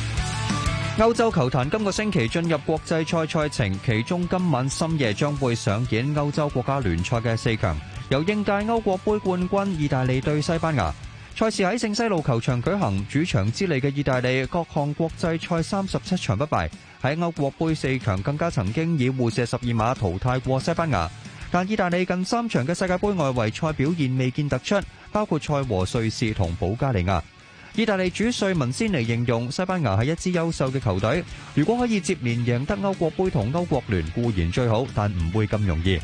歐洲球壇今個星期進入國際賽賽程，其中今晚深夜將會上演歐洲國家聯賽嘅四強，由應屆歐國盃冠軍意大利對西班牙。賽事喺聖西路球場舉行，主場之利嘅意大利各項國際賽三十七場不敗，喺歐國盃四強更加曾經以互射十二碼淘汰過西班牙。但意大利近三場嘅世界盃外圍賽表現未見突出，包括賽和瑞士同保加利亞。意大利主帥文仙尼形容西班牙係一支優秀嘅球隊，如果可以接連贏得歐國盃同歐國聯固然最好，但唔會咁容易。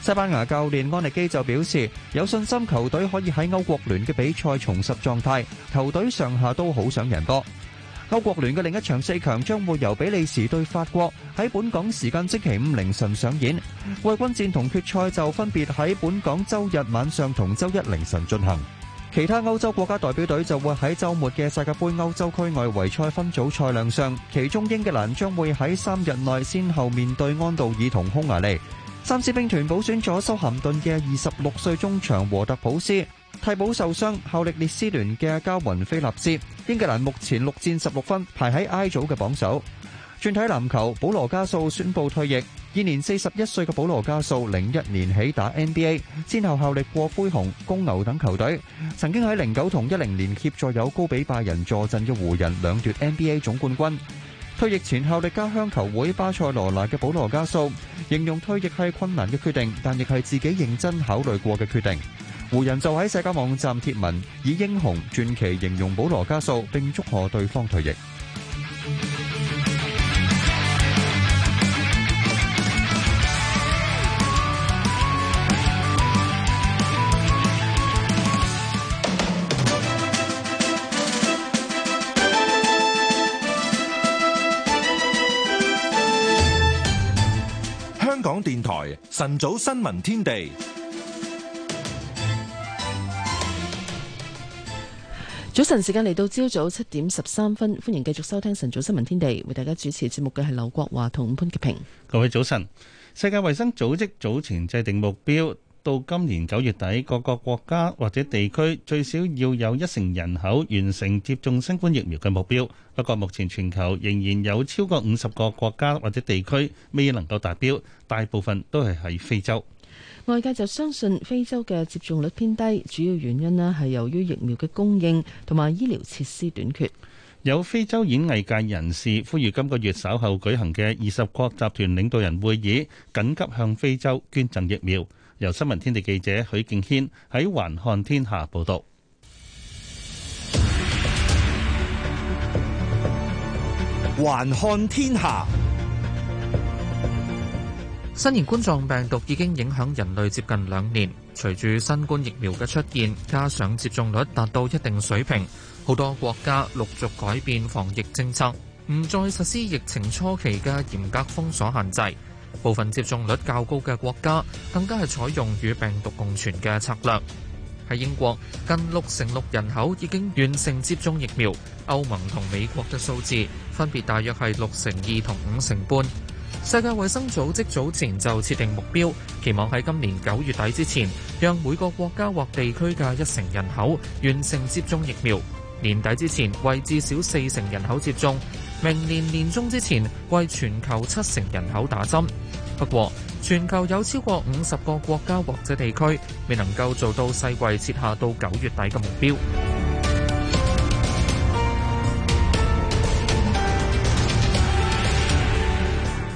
西班牙教練安歷基就表示有信心球隊可以喺歐國聯嘅比賽重拾狀態，球隊上下都好想贏波。歐國聯嘅另一場四強將會由比利時對法國，喺本港時間星期五凌晨上演。衛軍戰同決賽就分別喺本港周日晚上同周一凌晨進行。其他歐洲國家代表隊就會喺周末嘅世界盃歐洲區外圍賽分組賽亮相，其中英格蘭將會喺三日內先後面對安道爾同匈牙利。三獅兵團補選咗修咸頓嘅二十六歲中場和特普斯，替補受傷，效力列斯聯嘅阿加雲菲立斯。英格蘭目前六戰十六分，排喺湖人就喺社交網站貼文，以英雄傳奇形容保羅加素，並祝賀對方退役。香港電台晨早新聞天地。早晨時間嚟到朝早七點十三分，歡迎繼續收聽晨早新聞天地，為大家主持節目嘅係劉國華同潘潔平。各位早晨，世界衛生組織早前制定目標，到今年九月底，各個國家或者地區最少要有一成人口完成接種新冠疫苗嘅目標。不過目前全球仍然有超過五十個國家或者地區未能夠達標，大部分都係喺非洲。外界就相信非洲嘅接種率偏低，主要原因呢係由於疫苗嘅供應同埋醫療設施短缺。有非洲演藝界人士呼籲，今個月稍後舉行嘅二十國集團領導人會議，緊急向非洲捐贈疫苗。由新聞天地記者許敬軒喺環看天下報道。環看天下。新型冠狀病毒已經影響人類接近兩年，隨住新冠疫苗嘅出現，加上接種率達到一定水平，好多國家陸續改變防疫政策，唔再實施疫情初期嘅嚴格封鎖限制。部分接種率較高嘅國家，更加係採用與病毒共存嘅策略。喺英國，近六成六人口已經完成接種疫苗，歐盟同美國嘅數字分別大約係六成二同五成半。世界衛生組織早前就設定目標，期望喺今年九月底之前，讓每個國家或地區嘅一成人口完成接種疫苗；年底之前為至少四成人口接種；明年年中之前為全球七成人口打針。不過，全球有超過五十個國家或者地區未能夠做到世衛設下到九月底嘅目標。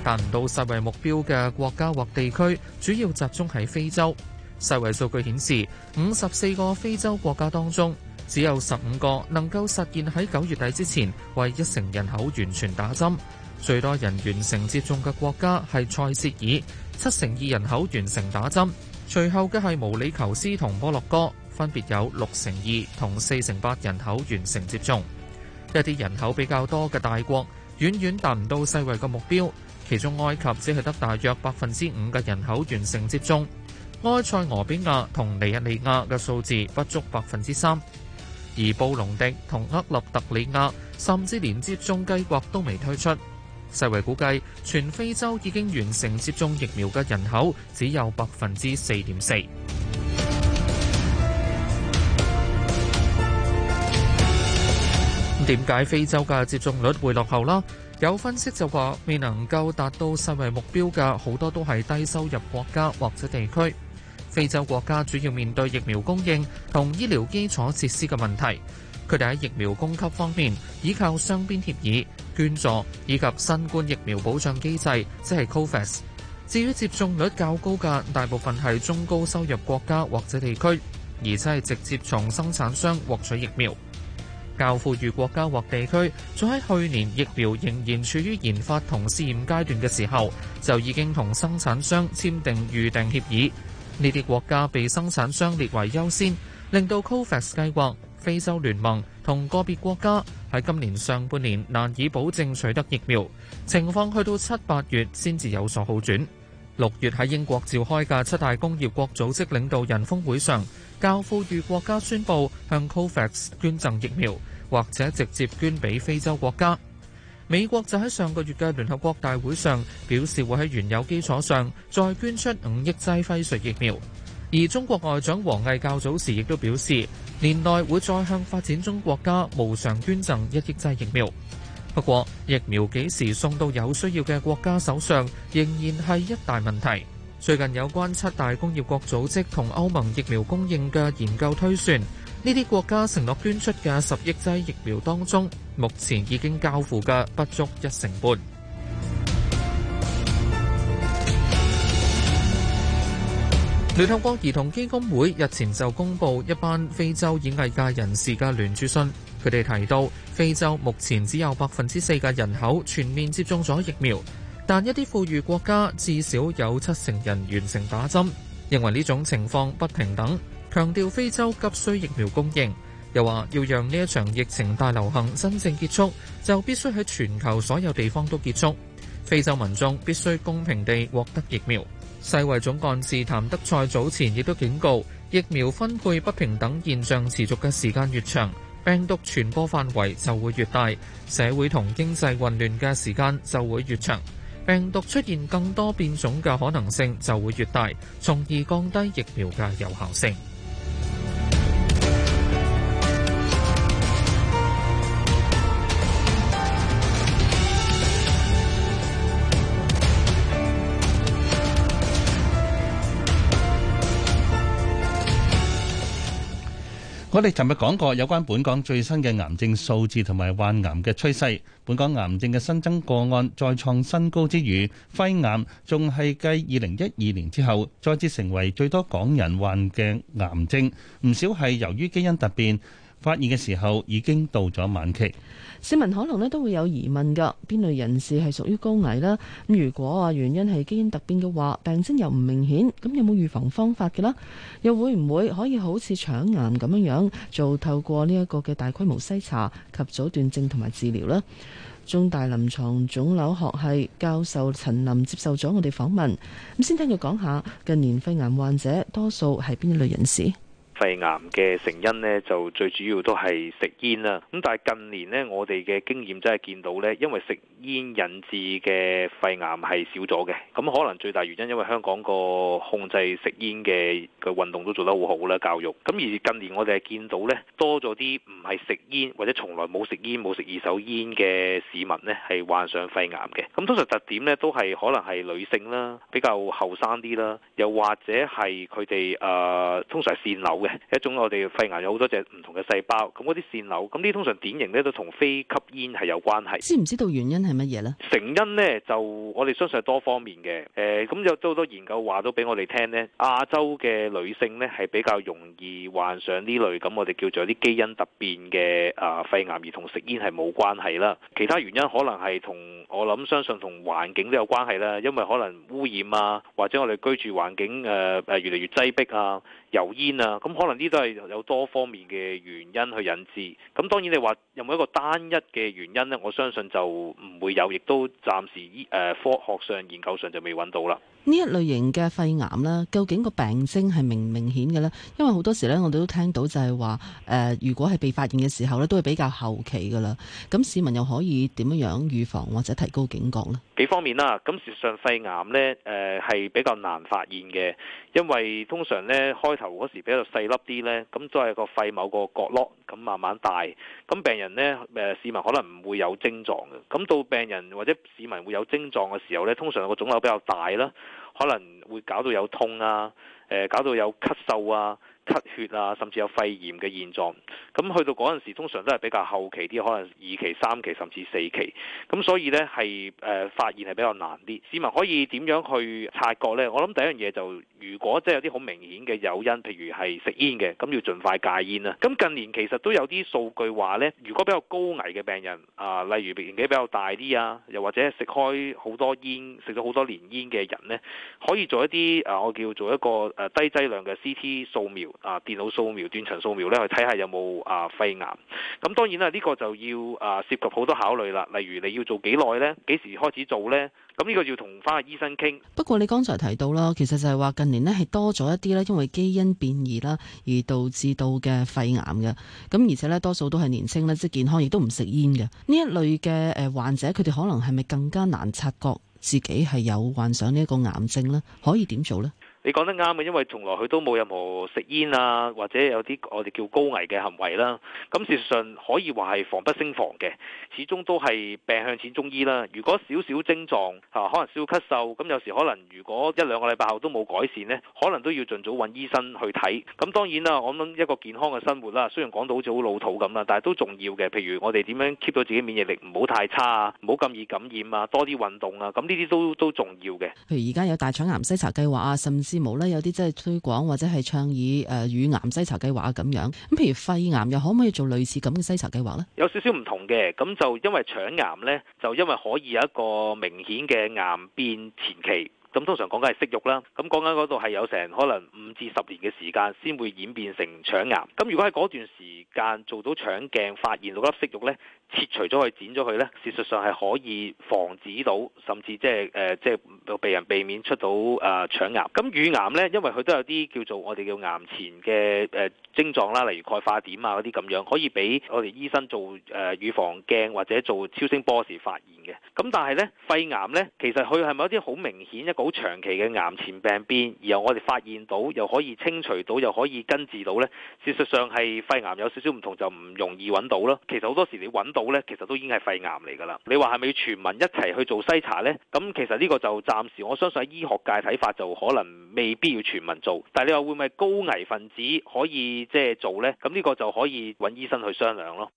達唔到世衛目標嘅國家或地區，主要集中喺非洲。世衛數據顯示，五十四個非洲國家當中，只有十五個能夠實現喺九月底之前為一成人口完全打針。最多人完成接種嘅國家係塞舌爾，七成二人口完成打針。隨後嘅係毛里求斯同摩洛哥，分別有六成二同四成八人口完成接種。一啲人口比較多嘅大國，遠遠達唔到世衛嘅目標。其中埃及只係得大約百分之五嘅人口完成接種，埃塞俄比亞同尼日利亞嘅數字不足百分之三，而布隆迪同厄立特里亞甚至連接種計劃都未推出。世衛估計，全非洲已經完成接種疫苗嘅人口只有百分之四點四。咁點解非洲嘅接種率會落後啦？有分析就話，未能夠達到世衛目標嘅好多都係低收入國家或者地區。非洲國家主要面對疫苗供應同醫療基礎設施嘅問題。佢哋喺疫苗供給方面，依靠雙邊協議、捐助以及新冠疫苗保障機制，即係 COVAX。至於接種率較高嘅，大部分係中高收入國家或者地區，而且係直接從生產商獲取疫苗。較富裕國家或地區，早喺去年疫苗仍然處於研發同試驗階段嘅時候，就已經同生產商簽訂預訂協議。呢啲國家被生產商列為優先，令到 COVAX 計劃、非洲聯盟同個別國家喺今年上半年難以保證取得疫苗。情況去到七八月先至有所好轉。六月喺英國召開嘅七大工業國組織領導人峰會上，較富裕國家宣布向 COVAX 捐贈疫苗。或者直接捐俾非洲國家，美國就喺上個月嘅聯合國大會上表示，會喺原有基礎上再捐出五億劑輝瑞疫苗。而中國外長王毅較早時亦都表示，年內會再向發展中國家無償捐贈一億劑疫苗。不過，疫苗幾時送到有需要嘅國家手上，仍然係一大問題。最近有關七大工業國組織同歐盟疫苗供應嘅研究推算。呢啲國家承諾捐出嘅十億劑疫苗當中，目前已經交付嘅不足一成半。聯合國兒童基金會日前就公布一班非洲演藝界人士嘅聯署信，佢哋提到非洲目前只有百分之四嘅人口全面接種咗疫苗，但一啲富裕國家至少有七成人完成打針，認為呢種情況不平等。強調非洲急需疫苗供應，又話要讓呢一場疫情大流行真正結束，就必須喺全球所有地方都結束。非洲民眾必須公平地獲得疫苗。世衛總幹事譚德賽早前亦都警告，疫苗分配不平等現象持續嘅時間越長，病毒傳播範圍就會越大，社會同經濟混亂嘅時間就會越長，病毒出現更多變種嘅可能性就會越大，從而降低疫苗嘅有效性。我哋尋日講過有關本港最新嘅癌症數字同埋患癌嘅趨勢。本港癌症嘅新增個案再創新高之餘，肺癌仲係繼二零一二年之後，再次成為最多港人患嘅癌症。唔少係由於基因突變。發現嘅時候已經到咗晚期。市民可能咧都會有疑問嘅，邊類人士係屬於高危咧？咁如果啊原因係基因突變嘅話，病徵又唔明顯，咁有冇預防方法嘅啦？又會唔會可以好似腸癌咁樣樣做透過呢一個嘅大規模篩查及早斷症同埋治療呢？中大臨床腫瘤學系教授陳林接受咗我哋訪問，咁先聽佢講下近年肺癌患者多數係邊一類人士。肺癌嘅成因呢，就最主要都係食煙啦。咁但係近年呢，我哋嘅經驗真係見到呢，因為食煙引致嘅肺癌係少咗嘅。咁可能最大原因，因為香港個控制食煙嘅嘅運動，都做得好好啦，教育。咁而近年我哋係見到呢，多咗啲唔係食煙或者從來冇食煙，冇食二手煙嘅市民呢，係患上肺癌嘅。咁通常特點呢，都係可能係女性啦，比較後生啲啦，又或者係佢哋誒通常係腺瘤嘅。一種，我哋肺癌有好多隻唔同嘅細胞，咁嗰啲腺瘤，咁呢通常典型咧，都同非吸煙係有關係。知唔知道原因係乜嘢？呢成因呢，就我哋相信係多方面嘅，誒、呃，咁有好多研究話到俾我哋聽呢，亞洲嘅女性呢係比較容易患上呢類，咁我哋叫做啲基因突變嘅啊肺癌，而同食煙係冇關係啦。其他原因可能係同我諗相信同環境都有關係啦，因為可能污染啊，或者我哋居住環境誒誒、呃、越嚟越擠迫啊、油煙啊，咁、嗯。可能呢啲都係有多方面嘅原因去引致，咁當然你話有冇一個單一嘅原因咧？我相信就唔會有，亦都暫時醫誒科學上研究上就未揾到啦。呢一類型嘅肺癌咧，究竟個病徵係明唔明顯嘅咧？因為好多時咧，我哋都聽到就係話誒，如果係被發現嘅時候咧，都係比較後期㗎啦。咁市民又可以點樣預防或者提高警覺咧？幾方面啦，咁事實上肺癌咧誒，係、呃、比較難發現嘅，因為通常咧開頭嗰時比較細。細粒啲咧，咁再喺個肺某個角落，咁慢慢大，咁病人咧，誒市民可能唔會有症狀嘅，咁到病人或者市民會有症狀嘅時候咧，通常個腫瘤比較大啦，可能會搞到有痛啊，誒搞到有咳嗽啊。出血啊，甚至有肺炎嘅現狀，咁、嗯、去到嗰陣時，通常都係比較後期啲，可能二期、三期甚至四期，咁、嗯、所以呢，係誒、呃、發現係比較難啲。市民可以點樣去察覺呢？我諗第一樣嘢就，如果即係有啲好明顯嘅誘因，譬如係食煙嘅，咁要盡快戒煙啊。咁、嗯、近年其實都有啲數據話呢，如果比較高危嘅病人啊、呃，例如年紀比較大啲啊，又或者食開好多煙、食咗好多年煙嘅人呢，可以做一啲誒、呃、我叫做一個誒低劑量嘅 CT 掃描。啊！電腦掃描、斷層掃描咧，去睇下有冇啊肺癌。咁、啊、當然啦，呢、呢個就要啊涉及好多考慮啦。例如你要做幾耐呢？幾時開始做呢？咁、呢、呢個要同翻醫生傾。不過你剛才提到啦，其實就係話近年呢，係多咗一啲咧，因為基因變異啦而導致到嘅肺癌嘅。咁而且呢，多數都係年輕呢，即係健康，亦都唔食煙嘅。呢一類嘅誒患者，佢哋可能係咪更加難察覺自己係有患上呢一個癌症呢？可以點做呢？你講得啱啊，因為從來佢都冇任何食煙啊，或者有啲我哋叫高危嘅行為啦。咁事實上可以話係防不勝防嘅，始終都係病向淺中醫啦。如果少少症狀啊，可能少少咳嗽，咁有時可能如果一兩個禮拜後都冇改善呢，可能都要盡早揾醫生去睇。咁當然啦，我諗一個健康嘅生活啦，雖然講到好似好老土咁啦，但係都重要嘅。譬如我哋點樣 keep 到自己免疫力唔好太差，唔好咁易感染啊，多啲運動啊，咁呢啲都都重要嘅。譬如而家有大腸癌篩查計劃啊，甚至治咧，有啲即係推廣或者係倡議誒，乳癌篩查計劃咁樣。咁譬如肺癌又可唔可以做類似咁嘅篩查計劃咧？有少少唔同嘅，咁就因為腸癌咧，就因為可以有一個明顯嘅癌變前期。咁通常講緊係息肉啦，咁講緊嗰度係有成可能五至十年嘅時間先會演變成腸癌。咁如果喺嗰段時間做到腸鏡發現嗰粒息肉咧，切除咗佢剪咗佢咧，事實上係可以防止到，甚至即係誒即係被人避免出到誒、呃、腸癌。咁乳癌咧，因為佢都有啲叫做我哋叫癌前嘅誒、呃、症狀啦，例如鈣化點啊嗰啲咁樣，可以俾我哋醫生做誒預、呃、防鏡或者做超聲波時發現嘅。咁但係咧，肺癌咧，其實佢係咪一啲好明顯一個好長期嘅癌前病變，然後我哋發現到又可以清除到，又可以根治到呢。事實上係肺癌有少少唔同，就唔容易揾到咯。其實好多時你揾到呢，其實都已經係肺癌嚟噶啦。你話係咪要全民一齊去做篩查呢？咁其實呢個就暫時我相信喺醫學界睇法就可能未必要全民做。但係你話會唔會高危分子可以即係做呢？咁、這、呢個就可以揾醫生去商量咯。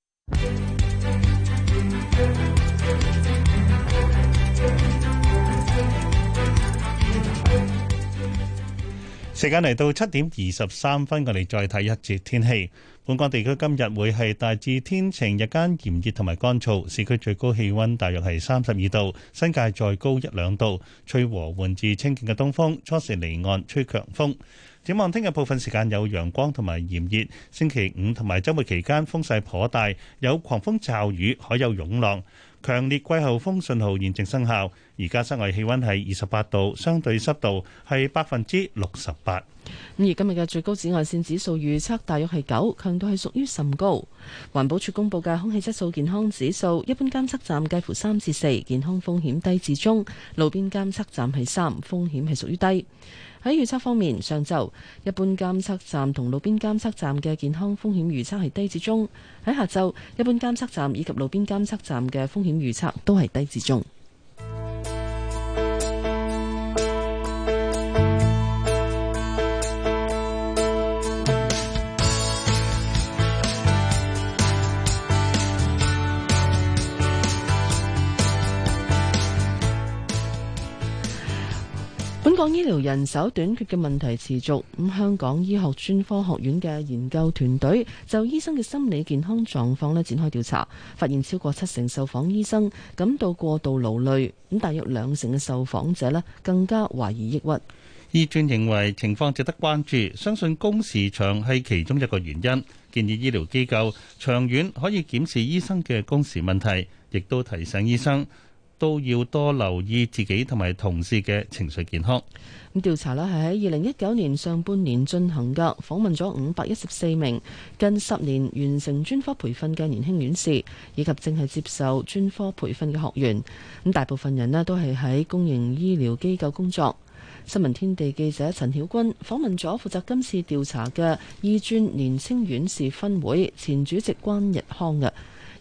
時間嚟到七點二十三分，我哋再睇一節天氣。本港地區今日會係大致天晴，日間炎熱同埋乾燥，市區最高氣溫大約係三十二度，新界再高一兩度。吹和緩至清勁嘅東風，初時離岸吹強風。展望聽日部分時間有陽光同埋炎熱，星期五同埋周末期間風勢頗大，有狂風驟雨，海有湧浪。強烈季候風信號現正生效，而家室外氣温係二十八度，相對濕度係百分之六十八。咁而今日嘅最高紫外線指數預測大約係九，強度係屬於甚高。環保署公布嘅空氣質素健康指數，一般監測站介乎三至四，健康風險低至中；路邊監測站係三，風險係屬於低。喺預測方面，上晝一般監測站同路邊監測站嘅健康風險預測係低至中。喺下晝，一般監測站以及路邊監測站嘅風險預測都係低至中。當醫療人手短缺嘅問題持續，咁香港醫學專科學院嘅研究團隊就醫生嘅心理健康狀況呢展開調查，發現超過七成受訪醫生感到過度勞累，咁大約兩成嘅受訪者呢更加懷疑抑鬱。醫專認為情況值得關注，相信工時長係其中一個原因，建議醫療機構長遠可以檢視醫生嘅工時問題，亦都提醒醫生。都要多留意自己同埋同事嘅情緒健康。咁調查呢，係喺二零一九年上半年進行噶訪問咗五百一十四名近十年完成專科培訓嘅年輕院士，以及正係接受專科培訓嘅學員。咁大部分人呢，都係喺公營醫療機構工作。新聞天地記者陳曉君訪問咗負責今次調查嘅醫專年青院士分會前主席關日康嘅，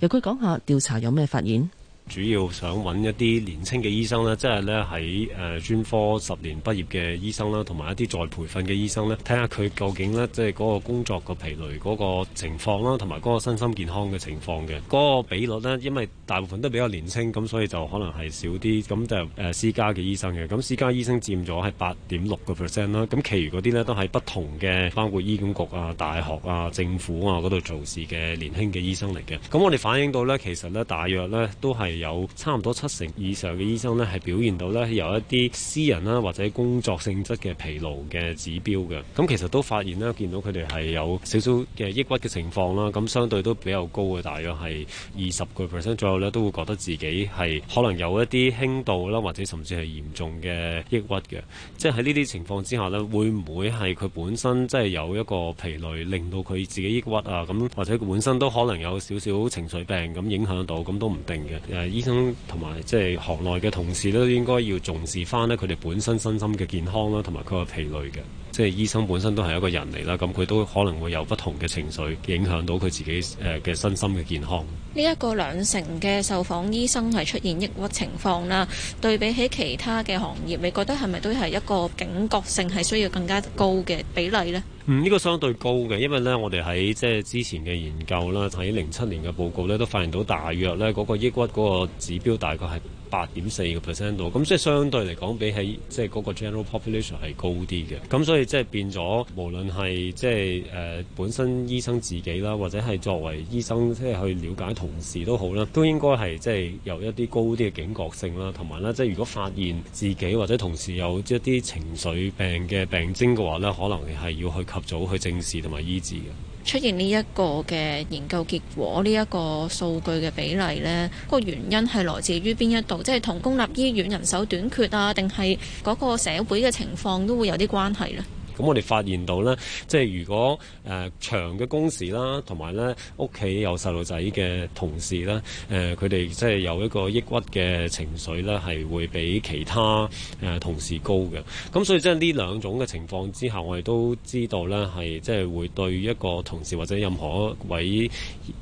由佢講下調查有咩發現。主要想揾一啲年輕嘅醫生咧，即係呢喺誒專科十年畢業嘅醫生啦，同埋一啲再培訓嘅醫生呢。睇下佢究竟呢，即係嗰個工作個疲累嗰個情況啦，同埋嗰個身心健康嘅情況嘅嗰個比率呢。因為大部分都比較年輕，咁所以就可能係少啲咁就誒私家嘅醫生嘅。咁私家醫生佔咗係八點六個 percent 啦。咁其餘嗰啲呢，都係不同嘅，包括醫管局啊、大學啊、政府啊嗰度做事嘅年輕嘅醫生嚟嘅。咁我哋反映到呢，其實呢，大約呢都係。有差唔多七成以上嘅醫生咧，係表現到咧有一啲私人啦或者工作性質嘅疲勞嘅指標嘅。咁其實都發現咧，見到佢哋係有少少嘅抑鬱嘅情況啦。咁相對都比較高嘅，大約係二十個 percent 左右咧，都會覺得自己係可能有一啲輕度啦，或者甚至係嚴重嘅抑鬱嘅。即係喺呢啲情況之下咧，會唔會係佢本身即係有一個疲累令到佢自己抑鬱啊？咁或者佢本身都可能有少少情緒病咁影響到，咁都唔定嘅。醫生同埋即係行內嘅同事都應該要重視翻咧佢哋本身身心嘅健康啦，同埋佢嘅疲累嘅。即係醫生本身都係一個人嚟啦，咁佢都可能會有不同嘅情緒影響到佢自己誒嘅身心嘅健康。呢一個兩成嘅受訪醫生係出現抑鬱情況啦，對比起其他嘅行業，你覺得係咪都係一個警覺性係需要更加高嘅比例呢？嗯，呢個相對高嘅，因為咧，我哋喺即係之前嘅研究啦，喺零七年嘅報告咧，都發現到大約咧嗰個抑鬱嗰個指標大概係八點四個 percent 度，咁即係相對嚟講比起即係嗰個 general population 係高啲嘅。咁所以即係變咗，無論係即係誒本身醫生自己啦，或者係作為醫生即係去了解同事都好啦，都應該係即係有一啲高啲嘅警覺性啦，同埋咧，即係如果發現自己或者同事有一啲情緒病嘅病徵嘅話咧，可能係要去。及早去正視同埋醫治嘅出現呢一個嘅研究結果，呢一個數據嘅比例呢個原因係來自於邊一度？即係同公立醫院人手短缺啊，定係嗰個社會嘅情況都會有啲關係呢？咁我哋發現到咧，即係如果誒、呃、長嘅工時啦，同埋咧屋企有細路仔嘅同事咧，誒佢哋即係有一個抑鬱嘅情緒咧，係會比其他誒、呃、同事高嘅。咁所以即係呢兩種嘅情況之下，我哋都知道咧係即係會對一個同事或者任何一位誒、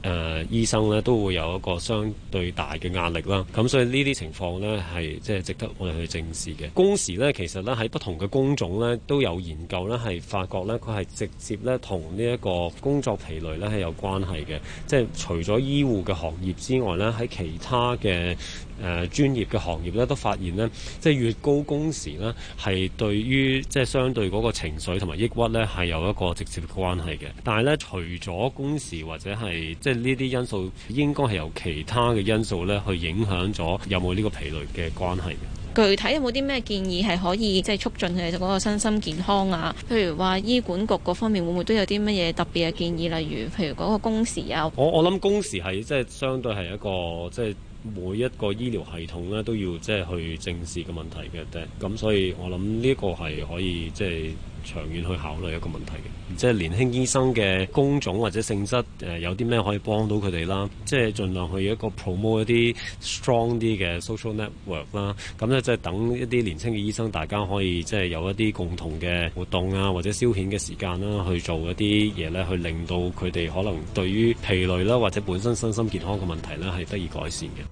呃、醫生咧，都會有一個相對大嘅壓力啦。咁所以呢啲情況咧係即係值得我哋去正視嘅工時咧，其實咧喺不同嘅工種咧都有研究。咧係發覺咧，佢係直接咧同呢一個工作疲累咧係有關係嘅。即係除咗醫護嘅行業之外咧，喺其他嘅誒專業嘅行業咧，都發現咧，即係越高工時咧，係對於即係相對嗰個情緒同埋抑鬱咧，係有一個直接嘅關係嘅。但係咧，除咗工時或者係即係呢啲因素，應該係由其他嘅因素咧去影響咗有冇呢個疲累嘅關係。具體有冇啲咩建議係可以即係促進佢哋個身心健康啊？譬如話醫管局嗰方面會唔會都有啲乜嘢特別嘅建議？例如譬如嗰個工時啊？我我諗工時係即係相對係一個即係。每一個醫療系統咧，都要即係去正視嘅問題嘅，咁所以我諗呢個係可以即係長遠去考慮一個問題嘅。即係年輕醫生嘅工種或者性質，誒、呃、有啲咩可以幫到佢哋啦？即係儘量去一個 promote 一啲 strong 啲嘅 social network 啦。咁咧即係等一啲年輕嘅醫生，大家可以即係有一啲共同嘅活動啊，或者消遣嘅時間啦、啊，去做一啲嘢咧，去令到佢哋可能對於疲累啦、啊，或者本身身心健康嘅問題咧，係得以改善嘅。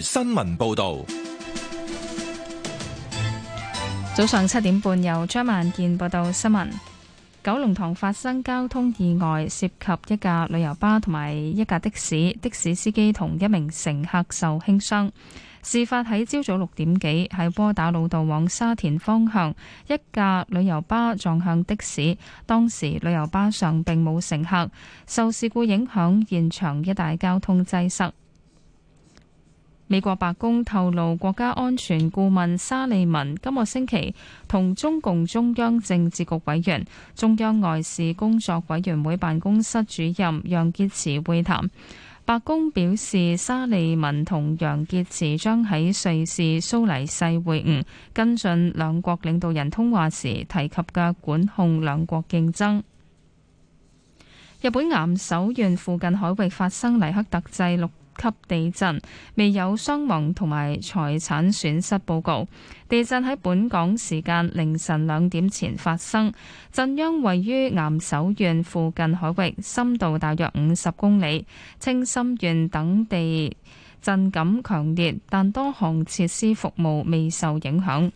新聞報道。早上七點半，由張萬健報道新聞。九龍塘發生交通意外，涉及一架旅遊巴同埋一架的士，的士司機同一名乘客受輕傷。事發喺朝早六點幾，喺波打老道往沙田方向，一架旅遊巴撞向的士。當時旅遊巴上並冇乘客。受事故影響，現場一帶交通擠塞。美國白宮透露，國家安全顧問沙利文今個星期同中共中央政治局委員、中央外事工作委員會辦公室主任楊潔篪會談。白宮表示，沙利文同楊潔篪將喺瑞士蘇黎世會晤，跟進兩國領導人通話時提及嘅管控兩國競爭。日本岩手縣附近海域發生黎克特制六級地震未有傷亡同埋財產損失報告。地震喺本港時間凌晨兩點前發生，震央位於岩手縣附近海域，深度大約五十公里。青森縣等地震感強烈，但多項設施服務未受影響。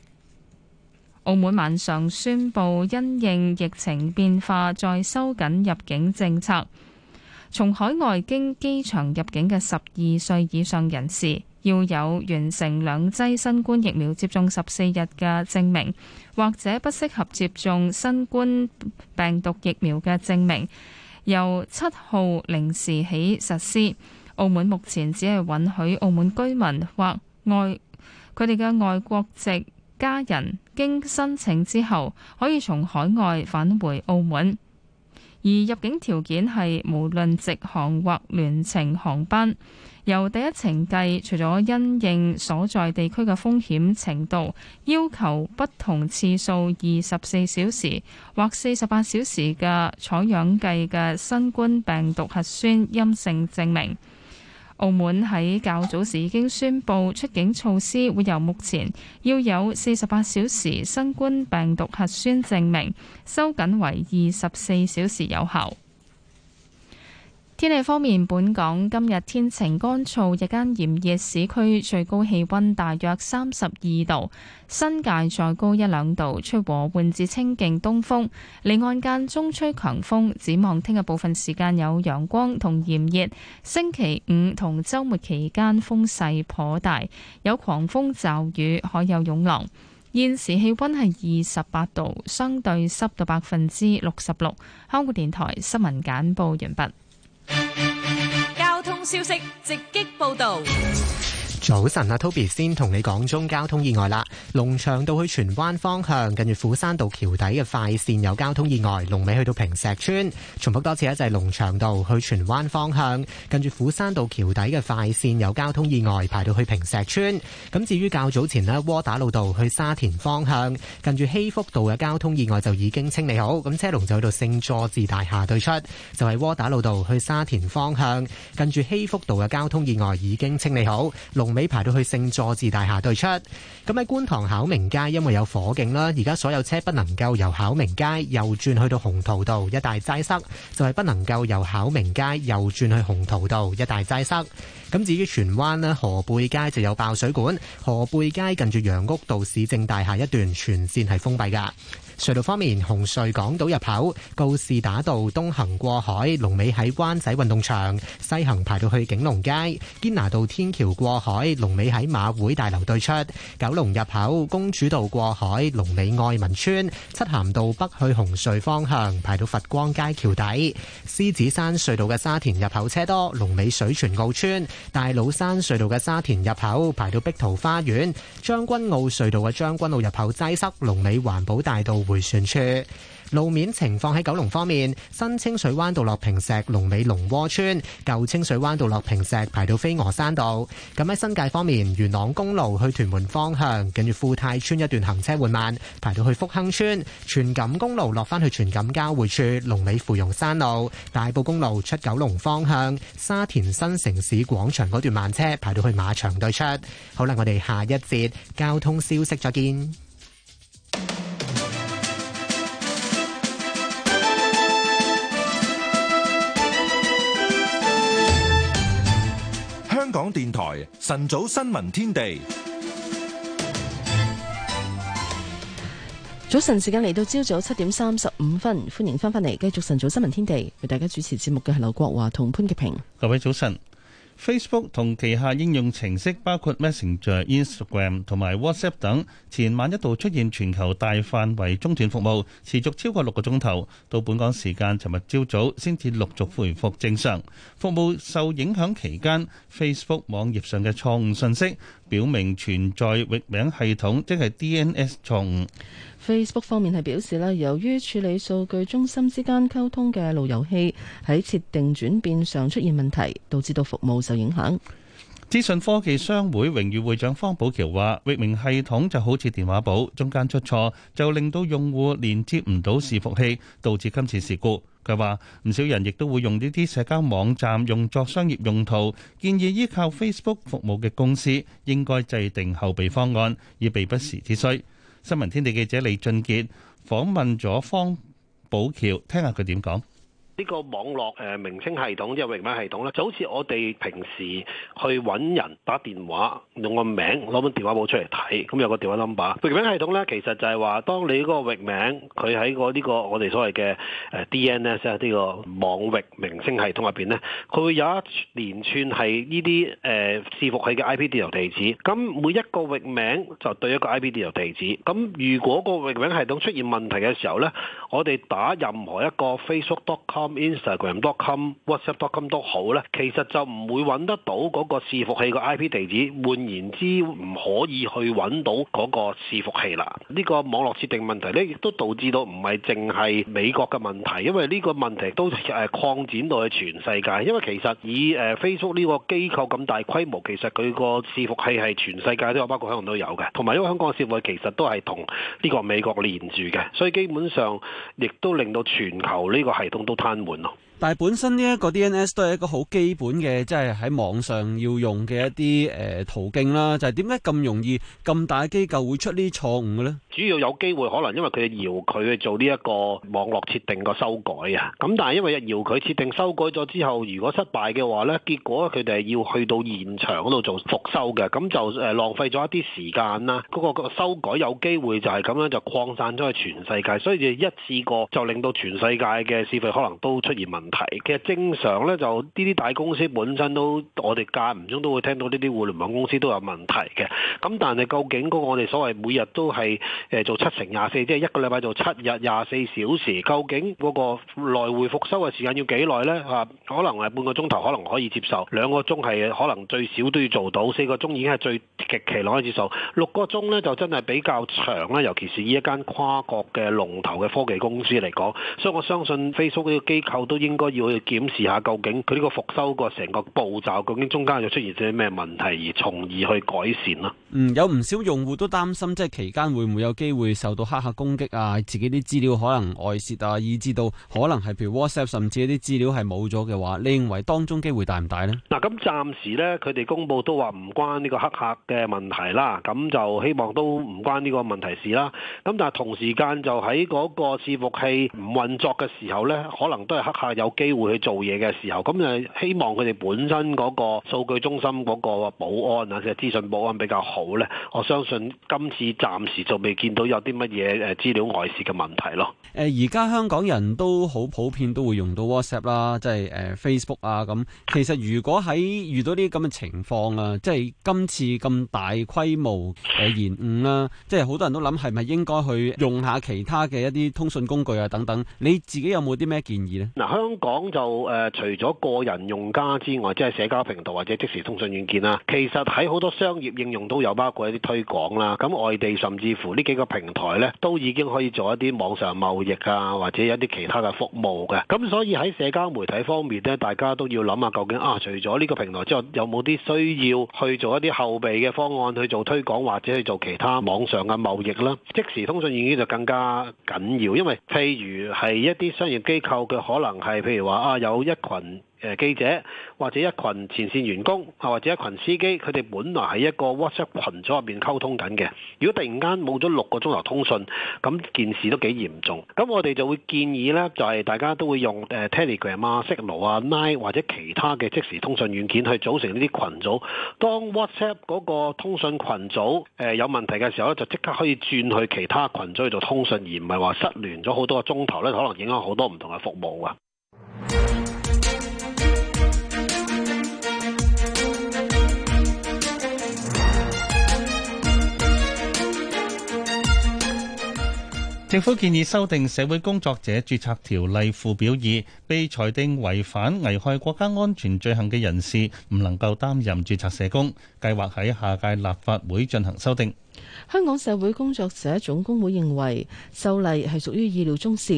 澳門晚上宣布因應疫情變化，再收緊入境政策。從海外經機場入境嘅十二歲以上人士，要有完成兩劑新冠疫苗接種十四日嘅證明，或者不適合接種新冠病毒疫苗嘅證明。由七號零時起實施。澳門目前只係允許澳門居民或外佢哋嘅外國籍家人經申請之後，可以從海外返回澳門。而入境條件係無論直航或聯程航班，由第一程計，除咗因應所在地區嘅風險程度，要求不同次數二十四小時或四十八小時嘅採樣計嘅新冠病毒核酸陰性證明。澳門喺較早時已經宣布出境措施會由目前要有四十八小時新冠病毒核酸證明，收緊為二十四小時有效。天氣方面，本港今日天晴乾燥，日間炎熱，市區最高氣溫大約三十二度，新界再高一兩度。吹和緩至清勁東風，離岸間中吹強風。展望聽日部分時間有陽光同炎熱，星期五同週末期間風勢頗大，有狂風驟雨，海有湧浪。現時氣溫係二十八度，相對濕度百分之六十六。香港電台新聞簡報完畢。交通消息直擊報道。Yes. 早晨啊，Toby 先同你講中交通意外啦。龍翔道去荃灣方向，近住斧山道橋底嘅快綫有交通意外，龍尾去到平石村。重複多次，一就係龍翔道去荃灣方向，近住斧山道橋底嘅快綫有交通意外，排到去平石村。咁至於較早前呢，窩打老道去沙田方向，近住希福道嘅交通意外就已經清理好，咁車龍就去到聖佐治大廈對出，就係、是、窩打老道去沙田方向，近住希福道嘅交通意外已經清理好，龍。尾排到去聖佐治大廈對出。咁喺觀塘巧明街因為有火警啦，而家所有車不能夠由巧明街右轉去到鴻圖道，一帶擠塞，就係、是、不能夠由巧明街右轉去鴻圖道，一帶擠塞。咁至於荃灣呢，河背街就有爆水管，河背街近住楊屋道市政大廈一段全線係封閉噶。隧道方面，紅隧港島入口告士打道東行過海，龍尾喺灣仔運動場；西行排到去景隆街。堅拿道天橋過海，龍尾喺馬會大樓對出。九龍入口公主道過海，龍尾愛民村。漆咸道北去紅隧方向排到佛光街橋底。獅子山隧道嘅沙田入口車多，龍尾水泉澳村。大老山隧道嘅沙田入口排到碧桃花園。將軍澳隧道嘅將軍澳入口擠塞，龍尾環保大道。回旋處路面情況喺九龍方面，新清水灣道落坪石龍尾龍窩村，舊清水灣道落坪石排到飛鵝山道。咁喺新界方面，元朗公路去屯門方向，跟住富泰村一段行車緩慢，排到去福亨村。荃錦公路落翻去荃錦交匯處龍尾芙蓉山路，大埔公路出九龍方向，沙田新城市廣場嗰段慢車排到去馬場對出。好啦，我哋下一節交通消息再見。電台晨早新聞天地，早晨時間嚟到朝早七點三十五分，歡迎翻返嚟繼續晨早新聞天地，為大家主持節目嘅係劉國華同潘杰平，各位早晨。Facebook 同旗下應用程式，包括 Messenger、Instagram 同埋 WhatsApp 等，前晚一度出現全球大範圍中斷服務，持續超過六個鐘頭。到本港時間尋日朝早先至陸續回復正常。服務受影響期間，Facebook 網頁上嘅錯誤信息表明存在域名系統，即係 DNS 錯誤。Facebook 方面係表示啦，由於處理數據中心之間溝通嘅路由器喺設定轉變上出現問題，導致到服務受影響。資訊科技商會榮譽會長方寶橋話，域名系統就好似電話簿，中間出錯，就令到用戶連接唔到伺服器，導致今次事故。佢話唔少人亦都會用呢啲社交網站用作商業用途，建議依靠 Facebook 服務嘅公司應該制定後備方案，以備不時之需。新聞天地記者李俊傑訪問咗方寶橋，聽下佢點講。呢個網絡誒名稱系統即係、就是、域名系統啦，就好似我哋平時去揾人打電話，用個名攞本電話簿出嚟睇，咁有個電話 number。域名系統咧，其實就係話，當你嗰個域名佢喺個呢個我哋所謂嘅誒 DNS 啊呢個網域名稱系統入邊咧，佢會有一連串係呢啲誒伺服器嘅 IP 地圖地址。咁每一個域名就對一個 IP 地圖地址。咁如果個域名系統出現問題嘅時候咧，我哋打任何一個 facebook.com Instagram.com、Instagram. WhatsApp.com 都好咧，其實就唔會揾得到嗰個伺服器個 IP 地址，換言之唔可以去揾到嗰個伺服器啦。呢、呢個網絡設定問題咧，亦都導致到唔係淨係美國嘅問題，因為呢個問題都誒擴展到去全世界。因為其實以誒 Facebook 呢個機構咁大規模，其實佢個伺服器係全世界都有，包括香港都有嘅。同埋因為香港嘅伺服器其實都係同呢個美國連住嘅，所以基本上亦都令到全球呢個系統都攤門咯。但係本身呢一個 DNS 都係一個好基本嘅，即係喺網上要用嘅一啲誒、呃、途徑啦。就係點解咁容易咁大機構會出呢啲錯誤嘅咧？主要有機會可能因為佢遙距去做呢一個網絡設定個修改啊。咁但係因為一遙距設定修改咗之後，如果失敗嘅話咧，結果佢哋係要去到現場嗰度做復修嘅，咁就誒浪費咗一啲時間啦。嗰、嗰個嗰個修改有機會就係咁樣就擴散咗去全世界，所以就一次過就令到全世界嘅視頻可能都出現問題。問題其實正常咧，就呢啲大公司本身都，我哋間唔中都會聽到呢啲互聯網公司都有問題嘅。咁但係究竟嗰個我哋所謂每日都係誒、呃、做七成廿四，即係一個禮拜做七日廿四小時，究竟嗰個來回復收嘅時間要幾耐咧？啊，可能係半個鐘頭，可能可以接受；兩個鐘係可能最少都要做到；四個鐘已經係最極期可以接受。六個鐘咧就真係比較長啦，尤其是呢一間跨國嘅龍頭嘅科技公司嚟講，所以我相信 Facebook 呢個機構都應。應該要去檢視下究竟佢呢個復修個成個步驟，究竟中間有出現咗啲咩問題，而從而去改善啦、啊。嗯，有唔少用戶都擔心，即係期間會唔會有機會受到黑客攻擊啊？自己啲資料可能外泄啊，以至到可能係譬如 WhatsApp 甚至一啲資料係冇咗嘅話，你認為當中機會大唔大呢？嗱、啊，咁、嗯、暫時呢，佢哋公布都話唔關呢個黑客嘅問題啦。咁、嗯、就希望都唔關呢個問題事啦。咁、嗯、但係同時間就喺嗰個伺服器唔運作嘅時候呢，可能都係黑客有。有機會去做嘢嘅時候，咁就希望佢哋本身嗰個數據中心嗰個保安啊，即係資訊保安比較好呢。我相信今次暫時就未見到有啲乜嘢誒資料外泄嘅問題咯。誒，而家香港人都好普遍都會用到 WhatsApp 啦，即係誒 Facebook 啊咁。其實如果喺遇到呢啲咁嘅情況啊，即係今次咁大規模嘅延誤啦，即係好多人都諗係咪應該去用下其他嘅一啲通訊工具啊等等。你自己有冇啲咩建議呢？嗱，香講就誒，除咗個人用家之外，即係社交平台或者即時通訊軟件啦。其實喺好多商業應用都有包括一啲推廣啦。咁外地甚至乎呢幾個平台咧，都已經可以做一啲網上貿易啊，或者一啲其他嘅服務嘅。咁所以喺社交媒體方面咧，大家都要諗下究竟啊，除咗呢個平台之外，有冇啲需要去做一啲後備嘅方案去做推廣，或者去做其他網上嘅貿易啦。即時通訊軟件就更加緊要，因為譬如係一啲商業機構，佢可能係。譬如話啊，有一群誒、呃、記者，或者一群前線員工，啊或者一群司機，佢哋本來喺一個 WhatsApp 群組入邊溝通緊嘅。如果突然間冇咗六個鐘頭通訊，咁件事都幾嚴重。咁我哋就會建議呢，就係、是、大家都會用誒 Telegram 啊、Signal 啊、Line 或者其他嘅即時通訊軟件去組成呢啲群組。當 WhatsApp 嗰個通訊群組誒、呃、有問題嘅時候咧，就即刻可以轉去其他群組去做通訊，而唔係話失聯咗好多個鐘頭咧，可能影響好多唔同嘅服務㗎。政府建議修訂社會工作者註冊條例附表二，被裁定違反危害國家安全罪行嘅人士唔能夠擔任註冊社工。計劃喺下屆立法會進行修訂。香港社會工作者總工會認為，修例係屬於意料中事，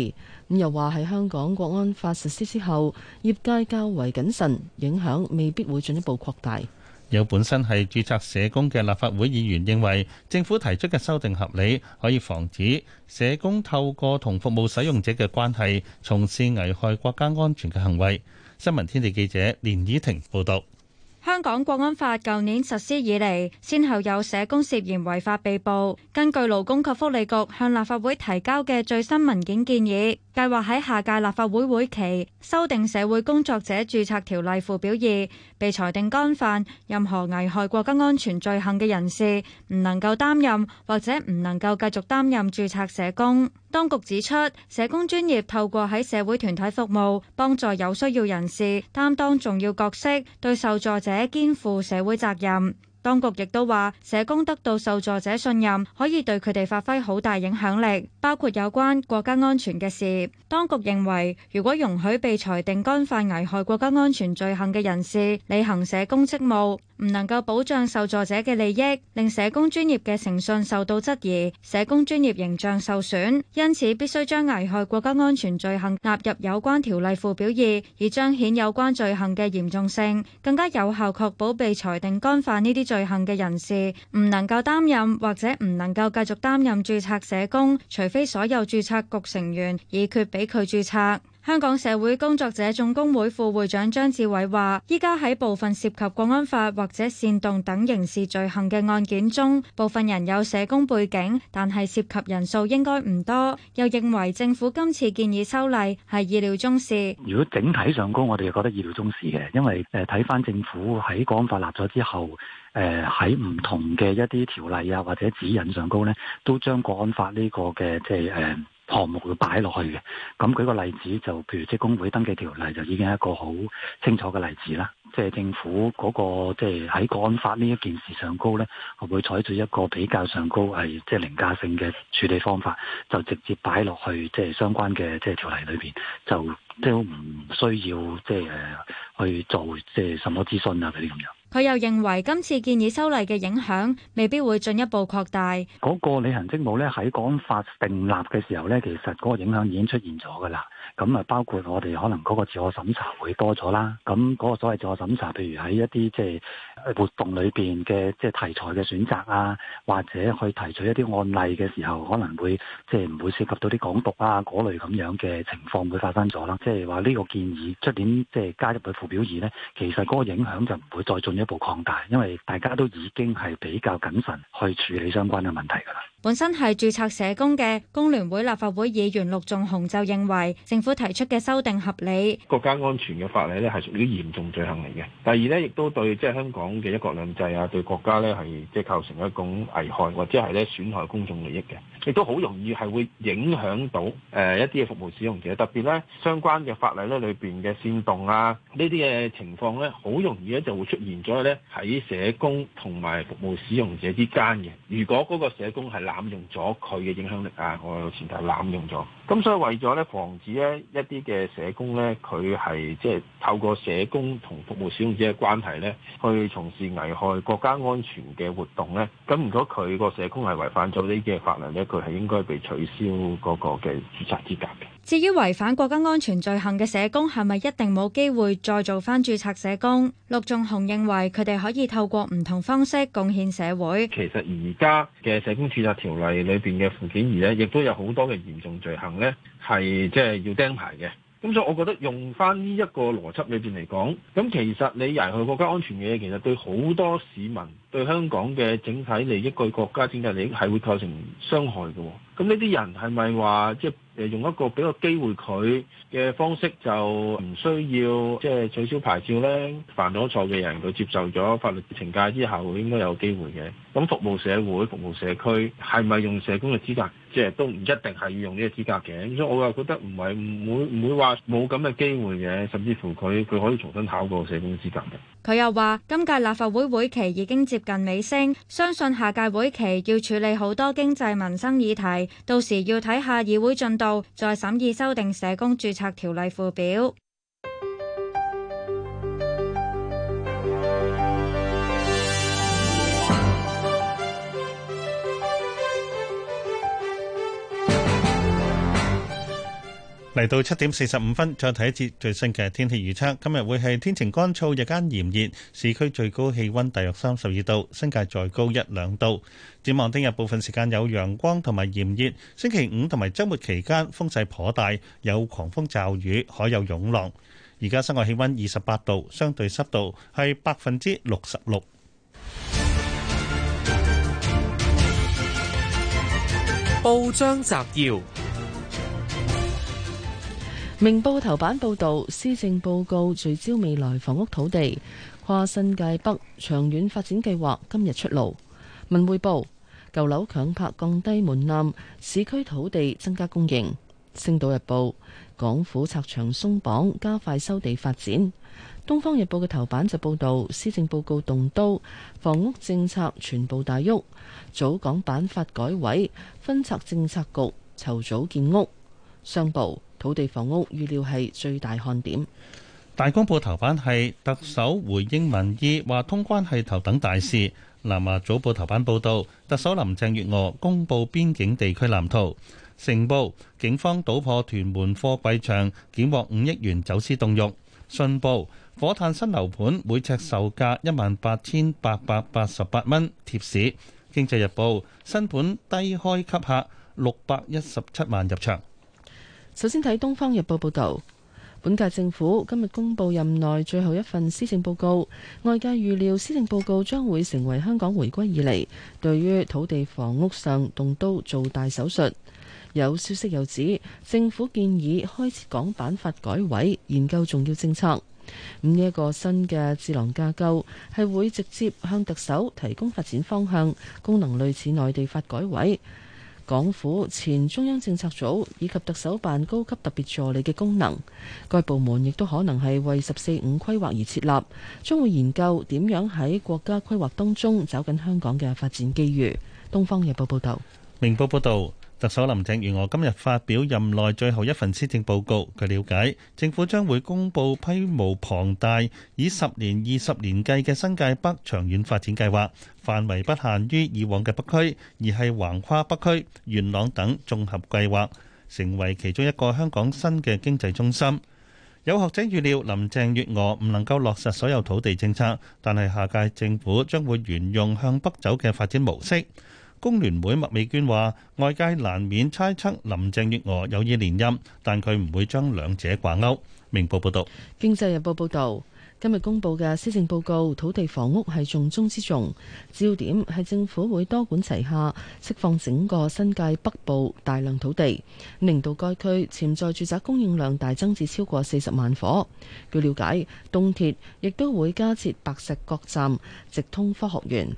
咁又話喺香港國安法實施之後，業界較為謹慎，影響未必會進一步擴大。有本身係註冊社工嘅立法會議員認為，政府提出嘅修訂合理，可以防止社工透過同服務使用者嘅關係，從事危害國家安全嘅行為。新聞天地記者連以婷報道。香港國安法舊年實施以嚟，先後有社工涉嫌違法被捕。根據勞工及福利局向立法會提交嘅最新文件建議，計劃喺下屆立法會會期修訂《社會工作者註冊條例》附表二，被裁定干犯任何危害國家安全罪行嘅人士唔能夠擔任，或者唔能夠繼續擔任註冊社工。當局指出，社工專業透過喺社會團體服務，幫助有需要人士，擔當重要角色，對受助者肩負社會責任。當局亦都話，社工得到受助者信任，可以對佢哋發揮好大影響力，包括有關國家安全嘅事。當局認為，如果容許被裁定干犯危害國家安全罪行嘅人士履行社工職務，唔能夠保障受助者嘅利益，令社工專業嘅誠信受到質疑，社工專業形象受損，因此必須將危害國家安全罪行納入有關條例附表二，以彰顯有關罪行嘅嚴重性，更加有效確保被裁定干犯呢啲罪行嘅人士唔能夠擔任，或者唔能夠繼續擔任注冊社工，除非所有注冊局成員已決俾佢注冊。香港社會工作者總工會副會長張志偉話：依家喺部分涉及國安法或者煽動等刑事罪行嘅案件中，部分人有社工背景，但係涉及人數應該唔多。又認為政府今次建議修例係意料中事。如果整體上高，我哋覺得意料中事嘅，因為誒睇翻政府喺國安法立咗之後，誒喺唔同嘅一啲條例啊，或者指引上高呢，都將國安法呢個嘅即係誒。呃項目會擺落去嘅，咁舉個例子就，譬如職工會登記條例就已經係一個好清楚嘅例子啦。即係政府嗰、那個即係喺國安法呢一件事上高呢，會,會採取一個比較上高係即係凌駕性嘅處理方法，就直接擺落去即係相關嘅即係條例裏邊，就即都唔需要即係誒、呃、去做即係什麼諮詢啊嗰啲咁樣。等等佢又認為今次建議修例嘅影響未必會進一步擴大。嗰個履行職務咧喺講法成立嘅時候咧，其實嗰個影響已經出現咗㗎喇。咁啊，包括我哋可能嗰個自我審查會多咗啦。咁嗰個所謂自我審查，譬如喺一啲即係活動裏邊嘅即係題材嘅選擇啊，或者去提取一啲案例嘅時候，可能會即係唔會涉及到啲港獨啊嗰類咁樣嘅情況會發生咗啦。即係話呢個建議出點即係加入去附表二咧，其實嗰個影響就唔會再進一步擴大，因為大家都已經係比較謹慎去處理相關嘅問題噶啦。本身係註冊社工嘅工聯會立法會議員陸頌雄就認為，政府提出嘅修訂合理。國家安全嘅法例咧係屬於嚴重罪行嚟嘅，第二咧亦都對即係香港嘅一國兩制啊，對國家咧係即係構成一種危害，或者係咧損害公眾利益嘅。亦都好容易係會影響到誒、呃、一啲嘅服務使用者，特別咧相關嘅法例咧裏邊嘅煽動啊呢啲嘅情況咧，好容易咧就會出現咗咧喺社工同埋服務使用者之間嘅。如果嗰個社工係濫用咗佢嘅影響力啊，我前提濫用咗。咁所以為咗咧防止咧一啲嘅社工咧佢係即係透過社工同服務使用者嘅關係咧去從事危害國家安全嘅活動咧，咁如果佢個社工係違反咗呢啲嘅法例咧，係應該被取消嗰個嘅註冊資格嘅。至於違反國家安，安全罪行嘅社，社工，係咪一定冇機會再做翻註冊社工？陸仲雄認為佢哋可以透過唔同方式貢獻社會。其實而家嘅社工註冊條例裏邊嘅附件二呢，亦都有好多嘅嚴重罪行呢，係即係要釘牌嘅。咁所以我覺得用翻呢一個邏輯裏邊嚟講，咁其實你危害國家安全嘅嘢，其實對好多市民。對香港嘅整體利益、對國家整體利益係會構成傷害嘅。咁呢啲人係咪話即係用一個俾個機會佢嘅方式就唔需要即係取消牌照呢？犯咗錯嘅人佢接受咗法律懲戒之後，應該有機會嘅。咁服務社會、服務社區係咪用社工嘅資格？即係都唔一定係要用呢個資格嘅。所以我又覺得唔係唔會唔會話冇咁嘅機會嘅。甚至乎佢佢可以重新考過社工資格嘅。佢又話：今屆立法會會期已經接接近尾聲，相信下屆會期要處理好多經濟民生議題，到時要睇下議會進度，再審議修訂社工注冊條例附表。嚟到七點四十五分，再睇一節最新嘅天氣預測。今日會係天晴乾燥，日間炎熱，市區最高氣溫大約三十二度，新界再高一兩度。展望聽日部分時間有陽光同埋炎熱，星期五同埋週末期間風勢頗大，有狂風驟雨，海有湧浪。而家室外氣溫二十八度，相對濕度係百分之六十六。報章摘要。明報頭版報道，施政報告聚焦未來房屋土地，跨新界北長遠發展計劃今日出爐。文匯報舊樓強拍降低門檻，市區土地增加供應。星島日報港府拆牆鬆綁，加快收地發展。東方日報嘅頭版就報道，施政報告動刀，房屋政策全部大喐。早港版發改委分拆政策局，籌組建屋。商報。土地房屋預料係最大看點。大公報頭版係特首回應民意，話通關係頭等大事。南華早報頭版報導，特首林鄭月娥公布邊境地區藍圖。成報，警方搗破屯門貨櫃場，檢獲五億元走私凍肉。《信報》，火炭新樓盤每尺售價一萬八千八百八十八蚊。貼士，經濟日報新盤低開吸客，六百一十七萬入場。首先睇《東方日報》報道，本屆政府今日公布任內最後一份施政報告，外界預料施政報告將會成為香港回歸以嚟對於土地房屋上動刀做大手術。有消息又指，政府建議開設港版發改委，研究重要政策。咁呢一個新嘅智囊架構係會直接向特首提供發展方向，功能類似內地發改委。港府前中央政策組以及特首辦高級特別助理嘅功能，該部門亦都可能係為十四五規劃而設立，將會研究點樣喺國家規劃當中走緊香港嘅發展機遇。東方日報報道，明報報道。特首林鄭月娥今日發表任內最後一份施政報告，據了解，政府將會公布規模龐大，以十年、二十年計嘅新界北長遠發展計劃，範圍不限於以往嘅北區，而係橫跨北區、元朗等綜合計劃，成為其中一個香港新嘅經濟中心。有學者預料，林鄭月娥唔能夠落實所有土地政策，但係下屆政府將會沿用向北走嘅發展模式。工聯會麥美娟話：外界難免猜測林鄭月娥有意連任，但佢唔會將兩者掛鈎。明報報道：《經濟日報》報道，今日公布嘅施政報告，土地房屋係重中之重，焦點係政府會多管齊下釋放整個新界北部大量土地，令到該區潛在住宅供應量大增至超過四十萬伙。據了解，東鐵亦都會加設白石角站，直通科學園。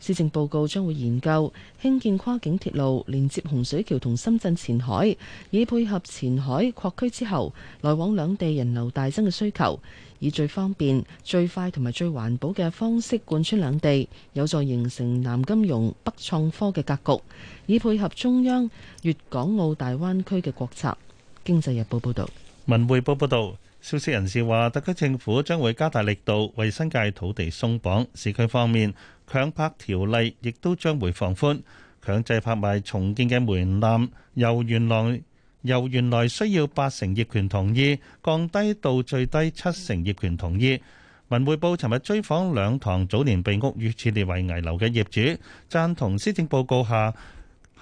施政報告將會研究興建跨境鐵路，連接洪水橋同深圳前海，以配合前海擴區之後來往兩地人流大增嘅需求，以最方便、最快同埋最環保嘅方式貫穿兩地，有助形成南金融、北創科嘅格局，以配合中央粵港澳大灣區嘅國策。經濟日報報導。文匯報報導，消息人士話，特區政府將會加大力度為新界土地鬆綁，市區方面。強拍條例亦都將會放寬強制拍賣重建嘅門檻，由原來由原來需要八成業權同意，降低到最低七成業權同意。文匯報尋日追訪兩幢早年被屋宇署列為危樓嘅業主，贊同施政報告下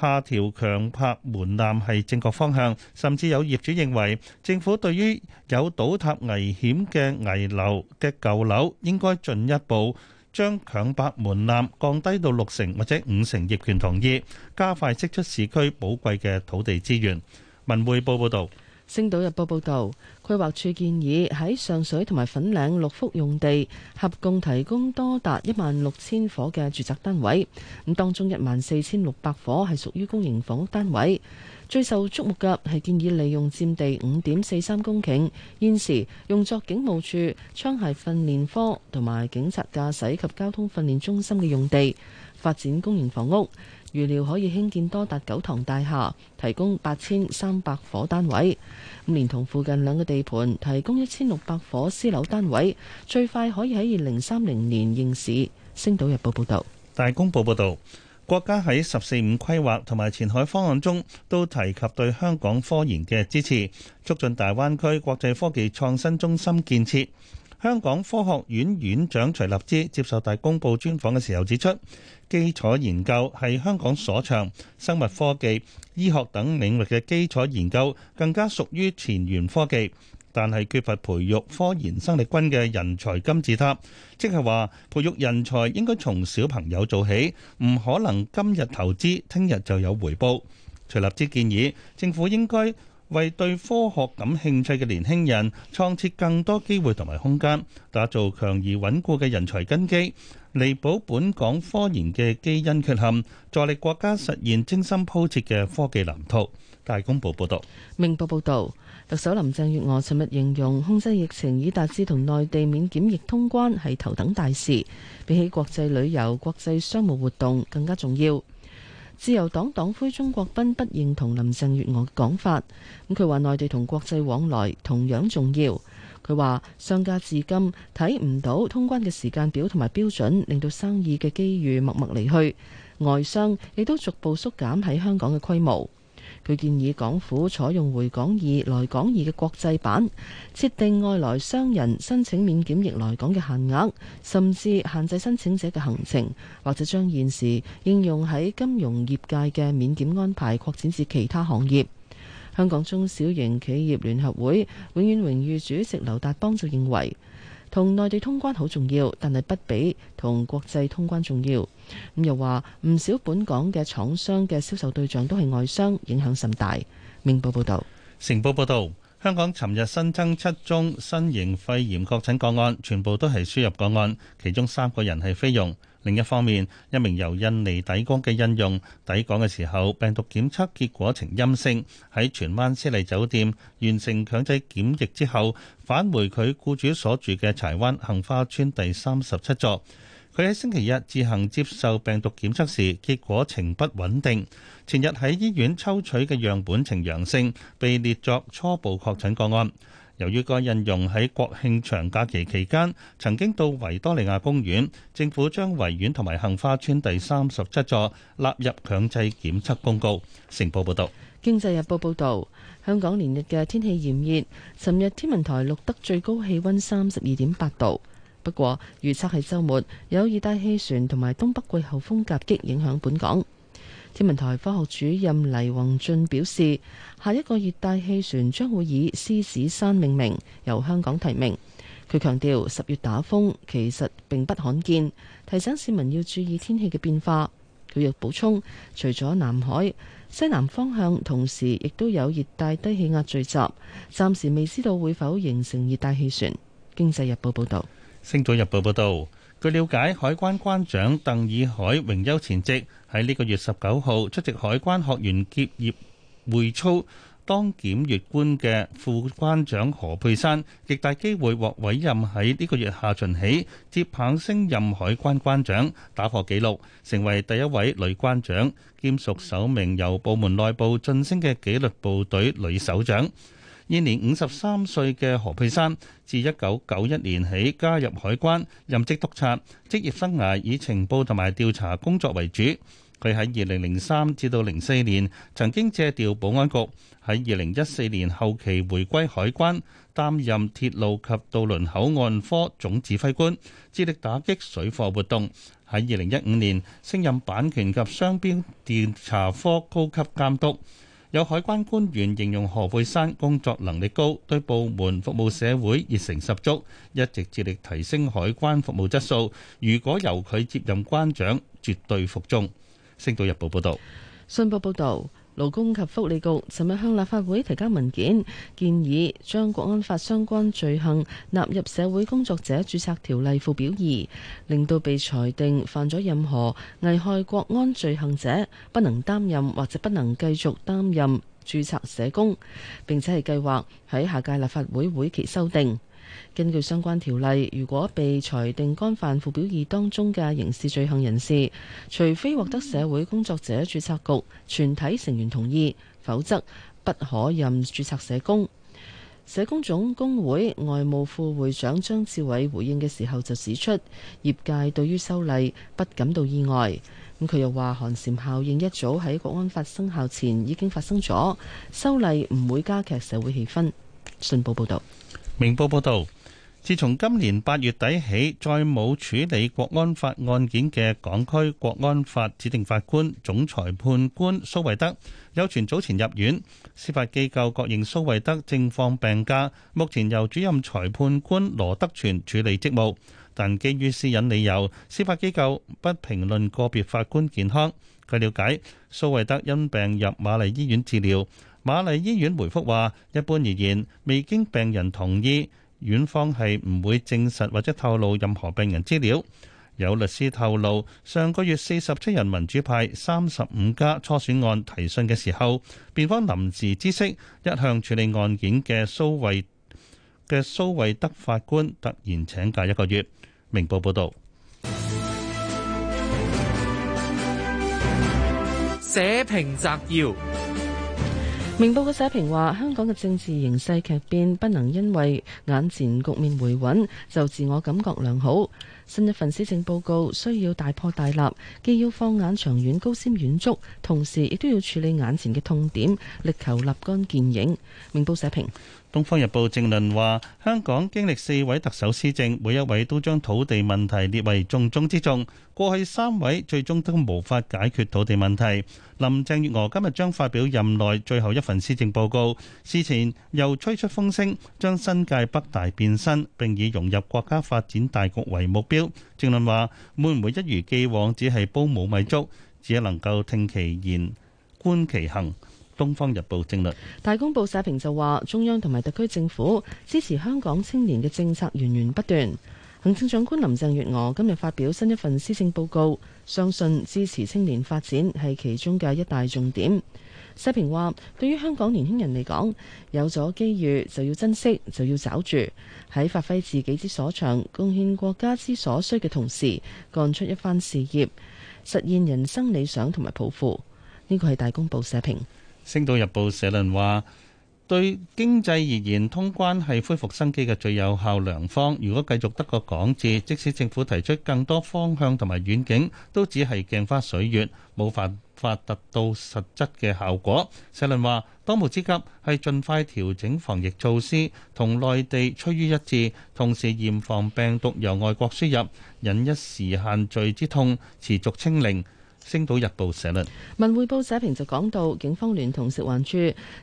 下調強拍門檻係正確方向，甚至有業主認為政府對於有倒塌危險嘅危樓嘅舊樓應該進一步，將強白門檻降低到六成或者五成，業權同意，加快釋出市區寶貴嘅土地資源。文匯報報道，星島日報報道，規劃署建議喺上水同埋粉嶺六幅用地合共提供多達一萬六千伙嘅住宅單位，咁當中一萬四千六百伙係屬於公營房屋單位。最受矚目嘅係建議利用佔地五點四三公頃，現時用作警務處槍械訓練科同埋警察駕駛及交通訓練中心嘅用地，發展公營房屋，預料可以興建多達九幢大廈，提供八千三百伙單位。咁連同附近兩個地盤，提供一千六百伙私樓單位，最快可以喺二零三零年應市。星島日報報道。大公報報道。國家喺十四五規劃同埋前海方案中都提及對香港科研嘅支持，促進大灣區國際科技創新中心建設。香港科學院院長徐立之接受大公報專訪嘅時候指出，基礎研究係香港所長，生物科技、醫學等領域嘅基礎研究更加屬於前沿科技。但係缺乏培育科研生力軍嘅人才金字塔，即係話培育人才應該從小朋友做起，唔可能今日投資，聽日就有回報。徐立之建議政府應該為對科學感興趣嘅年輕人創設更多機會同埋空間，打造強而穩固嘅人才根基，彌補本港科研嘅基因缺陷，助力國家實現精心鋪設嘅科技藍圖。大公報報道，明報報道，特首林鄭月娥尋日形容控制疫情以達至同內地免檢疫通關係頭等大事，比起國際旅遊、國際商務活動更加重要。自由黨黨黨魁鍾國斌不認同林鄭月娥嘅講法，咁佢話內地同國際往來同樣重要。佢話商家至今睇唔到通關嘅時間表同埋標準，令到生意嘅機遇默默離去，外商亦都逐步縮減喺香港嘅規模。佢建議港府採用回港易、來港易嘅國際版，設定外來商人申請免檢疫來港嘅限額，甚至限制申請者嘅行程，或者將現時應用喺金融業界嘅免檢安排擴展至其他行業。香港中小型企業聯合會永遠榮譽主席劉達邦就認為，同內地通關好重要，但係不比同國際通關重要。咁又話唔少本港嘅廠商嘅銷售對象都係外商，影響甚大。明報報道，成報報導，香港尋日新增七宗新型肺炎確診個案，全部都係輸入個案，其中三個人係菲傭。另一方面，一名由印尼抵港嘅印傭抵港嘅時候，病毒檢測結果呈陰性，喺荃灣絲麗酒店完成強制檢疫之後，返回佢雇主所住嘅柴灣杏花邨第三十七座。佢喺星期日自行接受病毒檢測時，結果呈不穩定。前日喺醫院抽取嘅樣本呈陽性，被列作初步確診個案。由於個印傭喺國慶長假期期間曾經到維多利亞公園，政府將維園同埋杏花村第三十七座納入強制檢測公告。成報報導，《經濟日報》報導，香港連日嘅天氣炎熱，尋日天文台錄得最高氣温三十二點八度。不過預測係週末有熱帶氣旋同埋東北季候風夾擊影響本港。天文台科學主任黎宏俊表示，下一個熱帶氣旋將會以獅子山命名，由香港提名。佢強調，十月打風其實並不罕見，提醒市民要注意天氣嘅變化。佢又補充，除咗南海西南方向，同時亦都有熱帶低氣壓聚集，暫時未知道會否形成熱帶氣旋。經濟日報報道。星島日報報導。據了解，海關關長鄧以海，現年五十三歲嘅何佩珊，自一九九一年起加入海關，任職督察，職業生涯以情報同埋調查工作為主。佢喺二零零三至到零四年曾經借調保安局，喺二零一四年後期回歸海關，擔任鐵路及渡輪口岸科總指揮官，致力打擊水貨活動。喺二零一五年升任版權及商標調查科高級監督。有海關官員形容何佩珊工作能力高，對部門服務社會熱誠十足，一直致力提升海關服務質素。如果由佢接任關長，絕對服眾。星島日報報道，信報報道。勞工及福利局尋日向立法會提交文件，建議將國安法相關罪行納入社會工作者注冊條例附表二，令到被裁定犯咗任何危害國安罪行者不能擔任或者不能繼續擔任注冊社工，並且係計劃喺下屆立法會會期修訂。根據相關條例，如果被裁定干犯附表二當中嘅刑事罪行人士，除非獲得社會工作者註冊局全體成員同意，否則不可任註冊社工。社工總工會外務副會長張志偉回應嘅時候就指出，業界對於修例不感到意外。咁佢又話，寒蟬效應一早喺《國安法》生效前已經發生咗，修例唔會加劇社會氣氛。信報報道。明報報導，自從今年八月底起，再冇處理國安法案件嘅港區國安法指定法官總裁判官蘇惠德，有傳早前入院。司法機構確認蘇惠德正放病假，目前由主任裁判官羅德泉處理職務。但基於私隱理由，司法機構不評論個別法官健康。據了解，蘇惠德因病入瑪麗醫院治療。瑪麗醫院回覆話：一般而言，未經病人同意，院方係唔會證實或者透露任何病人資料。有律師透露，上個月四十七人民主派三十五家初選案提訊嘅時候，辯方臨時知悉，一向處理案件嘅蘇惠嘅蘇惠德法官突然請假一個月。明報報導。社評摘要。明報嘅社評話：香港嘅政治形勢劇變，不能因為眼前局面回穩就自我感覺良好。新一份施政報告需要大破大立，既要放眼長遠、高瞻遠矚，同時亦都要處理眼前嘅痛點，力求立竿見影。明報社評。《東方日報》正論話：香港經歷四位特首施政，每一位都將土地問題列為重中之重。過去三位最終都無法解決土地問題。林鄭月娥今日將發表任內最後一份施政報告，事前又吹出風聲，將新界北大變身並以融入國家發展大局為目標。正論話：會唔會一如既往只係煲冇米粥？只能夠聽其言，觀其行。《東方日報》政略。大公報社評就話：中央同埋特區政府支持香港青年嘅政策源源不斷。行政長官林鄭月娥今日發表新一份施政報告，相信支持青年發展係其中嘅一大重點。社評話：對於香港年輕人嚟講，有咗機遇就要珍惜，就要抓住喺發揮自己之所長，貢獻國家之所需嘅同時，幹出一番事業，實現人生理想同埋抱負。呢個係大公報社評。《星島日報》社論話：對經濟而言，通關係恢復生機嘅最有效良方。如果繼續得個講字，即使政府提出更多方向同埋遠景，都只係鏡花水月，冇辦法達到實質嘅效果。社論話：當務之急係盡快調整防疫措施，同內地趨於一致，同時嚴防病毒由外國輸入，忍一時限聚之痛，持續清零。星島日報社論。文匯報社評就講到，警方聯同食環署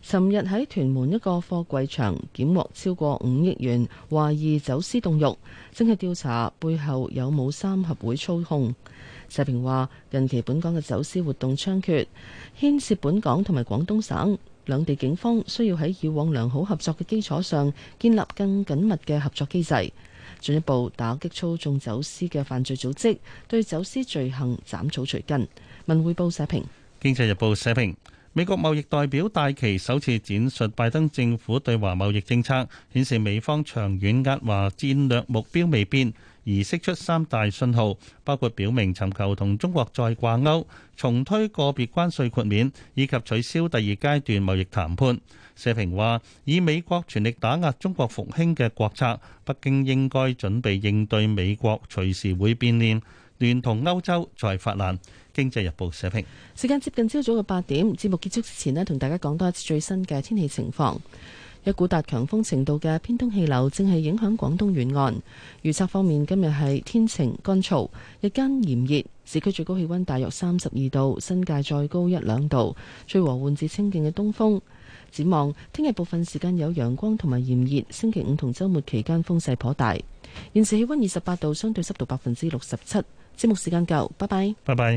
尋日喺屯門一個貨櫃場檢獲超過五億元，懷疑走私凍肉，正係調查背後有冇三合會操控。社評話，近期本港嘅走私活動猖獗，牽涉本港同埋廣東省，兩地警方需要喺以往良好合作嘅基礎上，建立更緊密嘅合作機制。進一步打擊操縱走私嘅犯罪組織，對走私罪行斬草除根。文匯報社評。《經濟日報》社評：美國貿易代表戴琪首次展述拜登政府對華貿易政策，顯示美方長遠壓華戰略目標未變，而釋出三大信號，包括表明尋求同中國再掛鈎、重推個別關稅豁免以及取消第二階段貿易談判。社評話，以美國全力打壓中國復興嘅國策，北京應該準備應對美國隨時會變臉，聯同歐洲再發難。《經濟日報》社評。時間接近朝早嘅八點，節目結束之前呢，同大家講多一次最新嘅天氣情況。一股達強風程度嘅偏東氣流正係影響廣東沿岸。預測方面，今日係天晴乾燥，日間炎熱，市區最高氣溫大約三十二度，新界再高一兩度。吹和緩至清勁嘅東風。展望，聽日部分時間有陽光同埋炎熱。星期五同週末期間風勢頗大。現時氣溫二十八度，相對濕度百分之六十七。節目時間夠，拜拜。拜拜。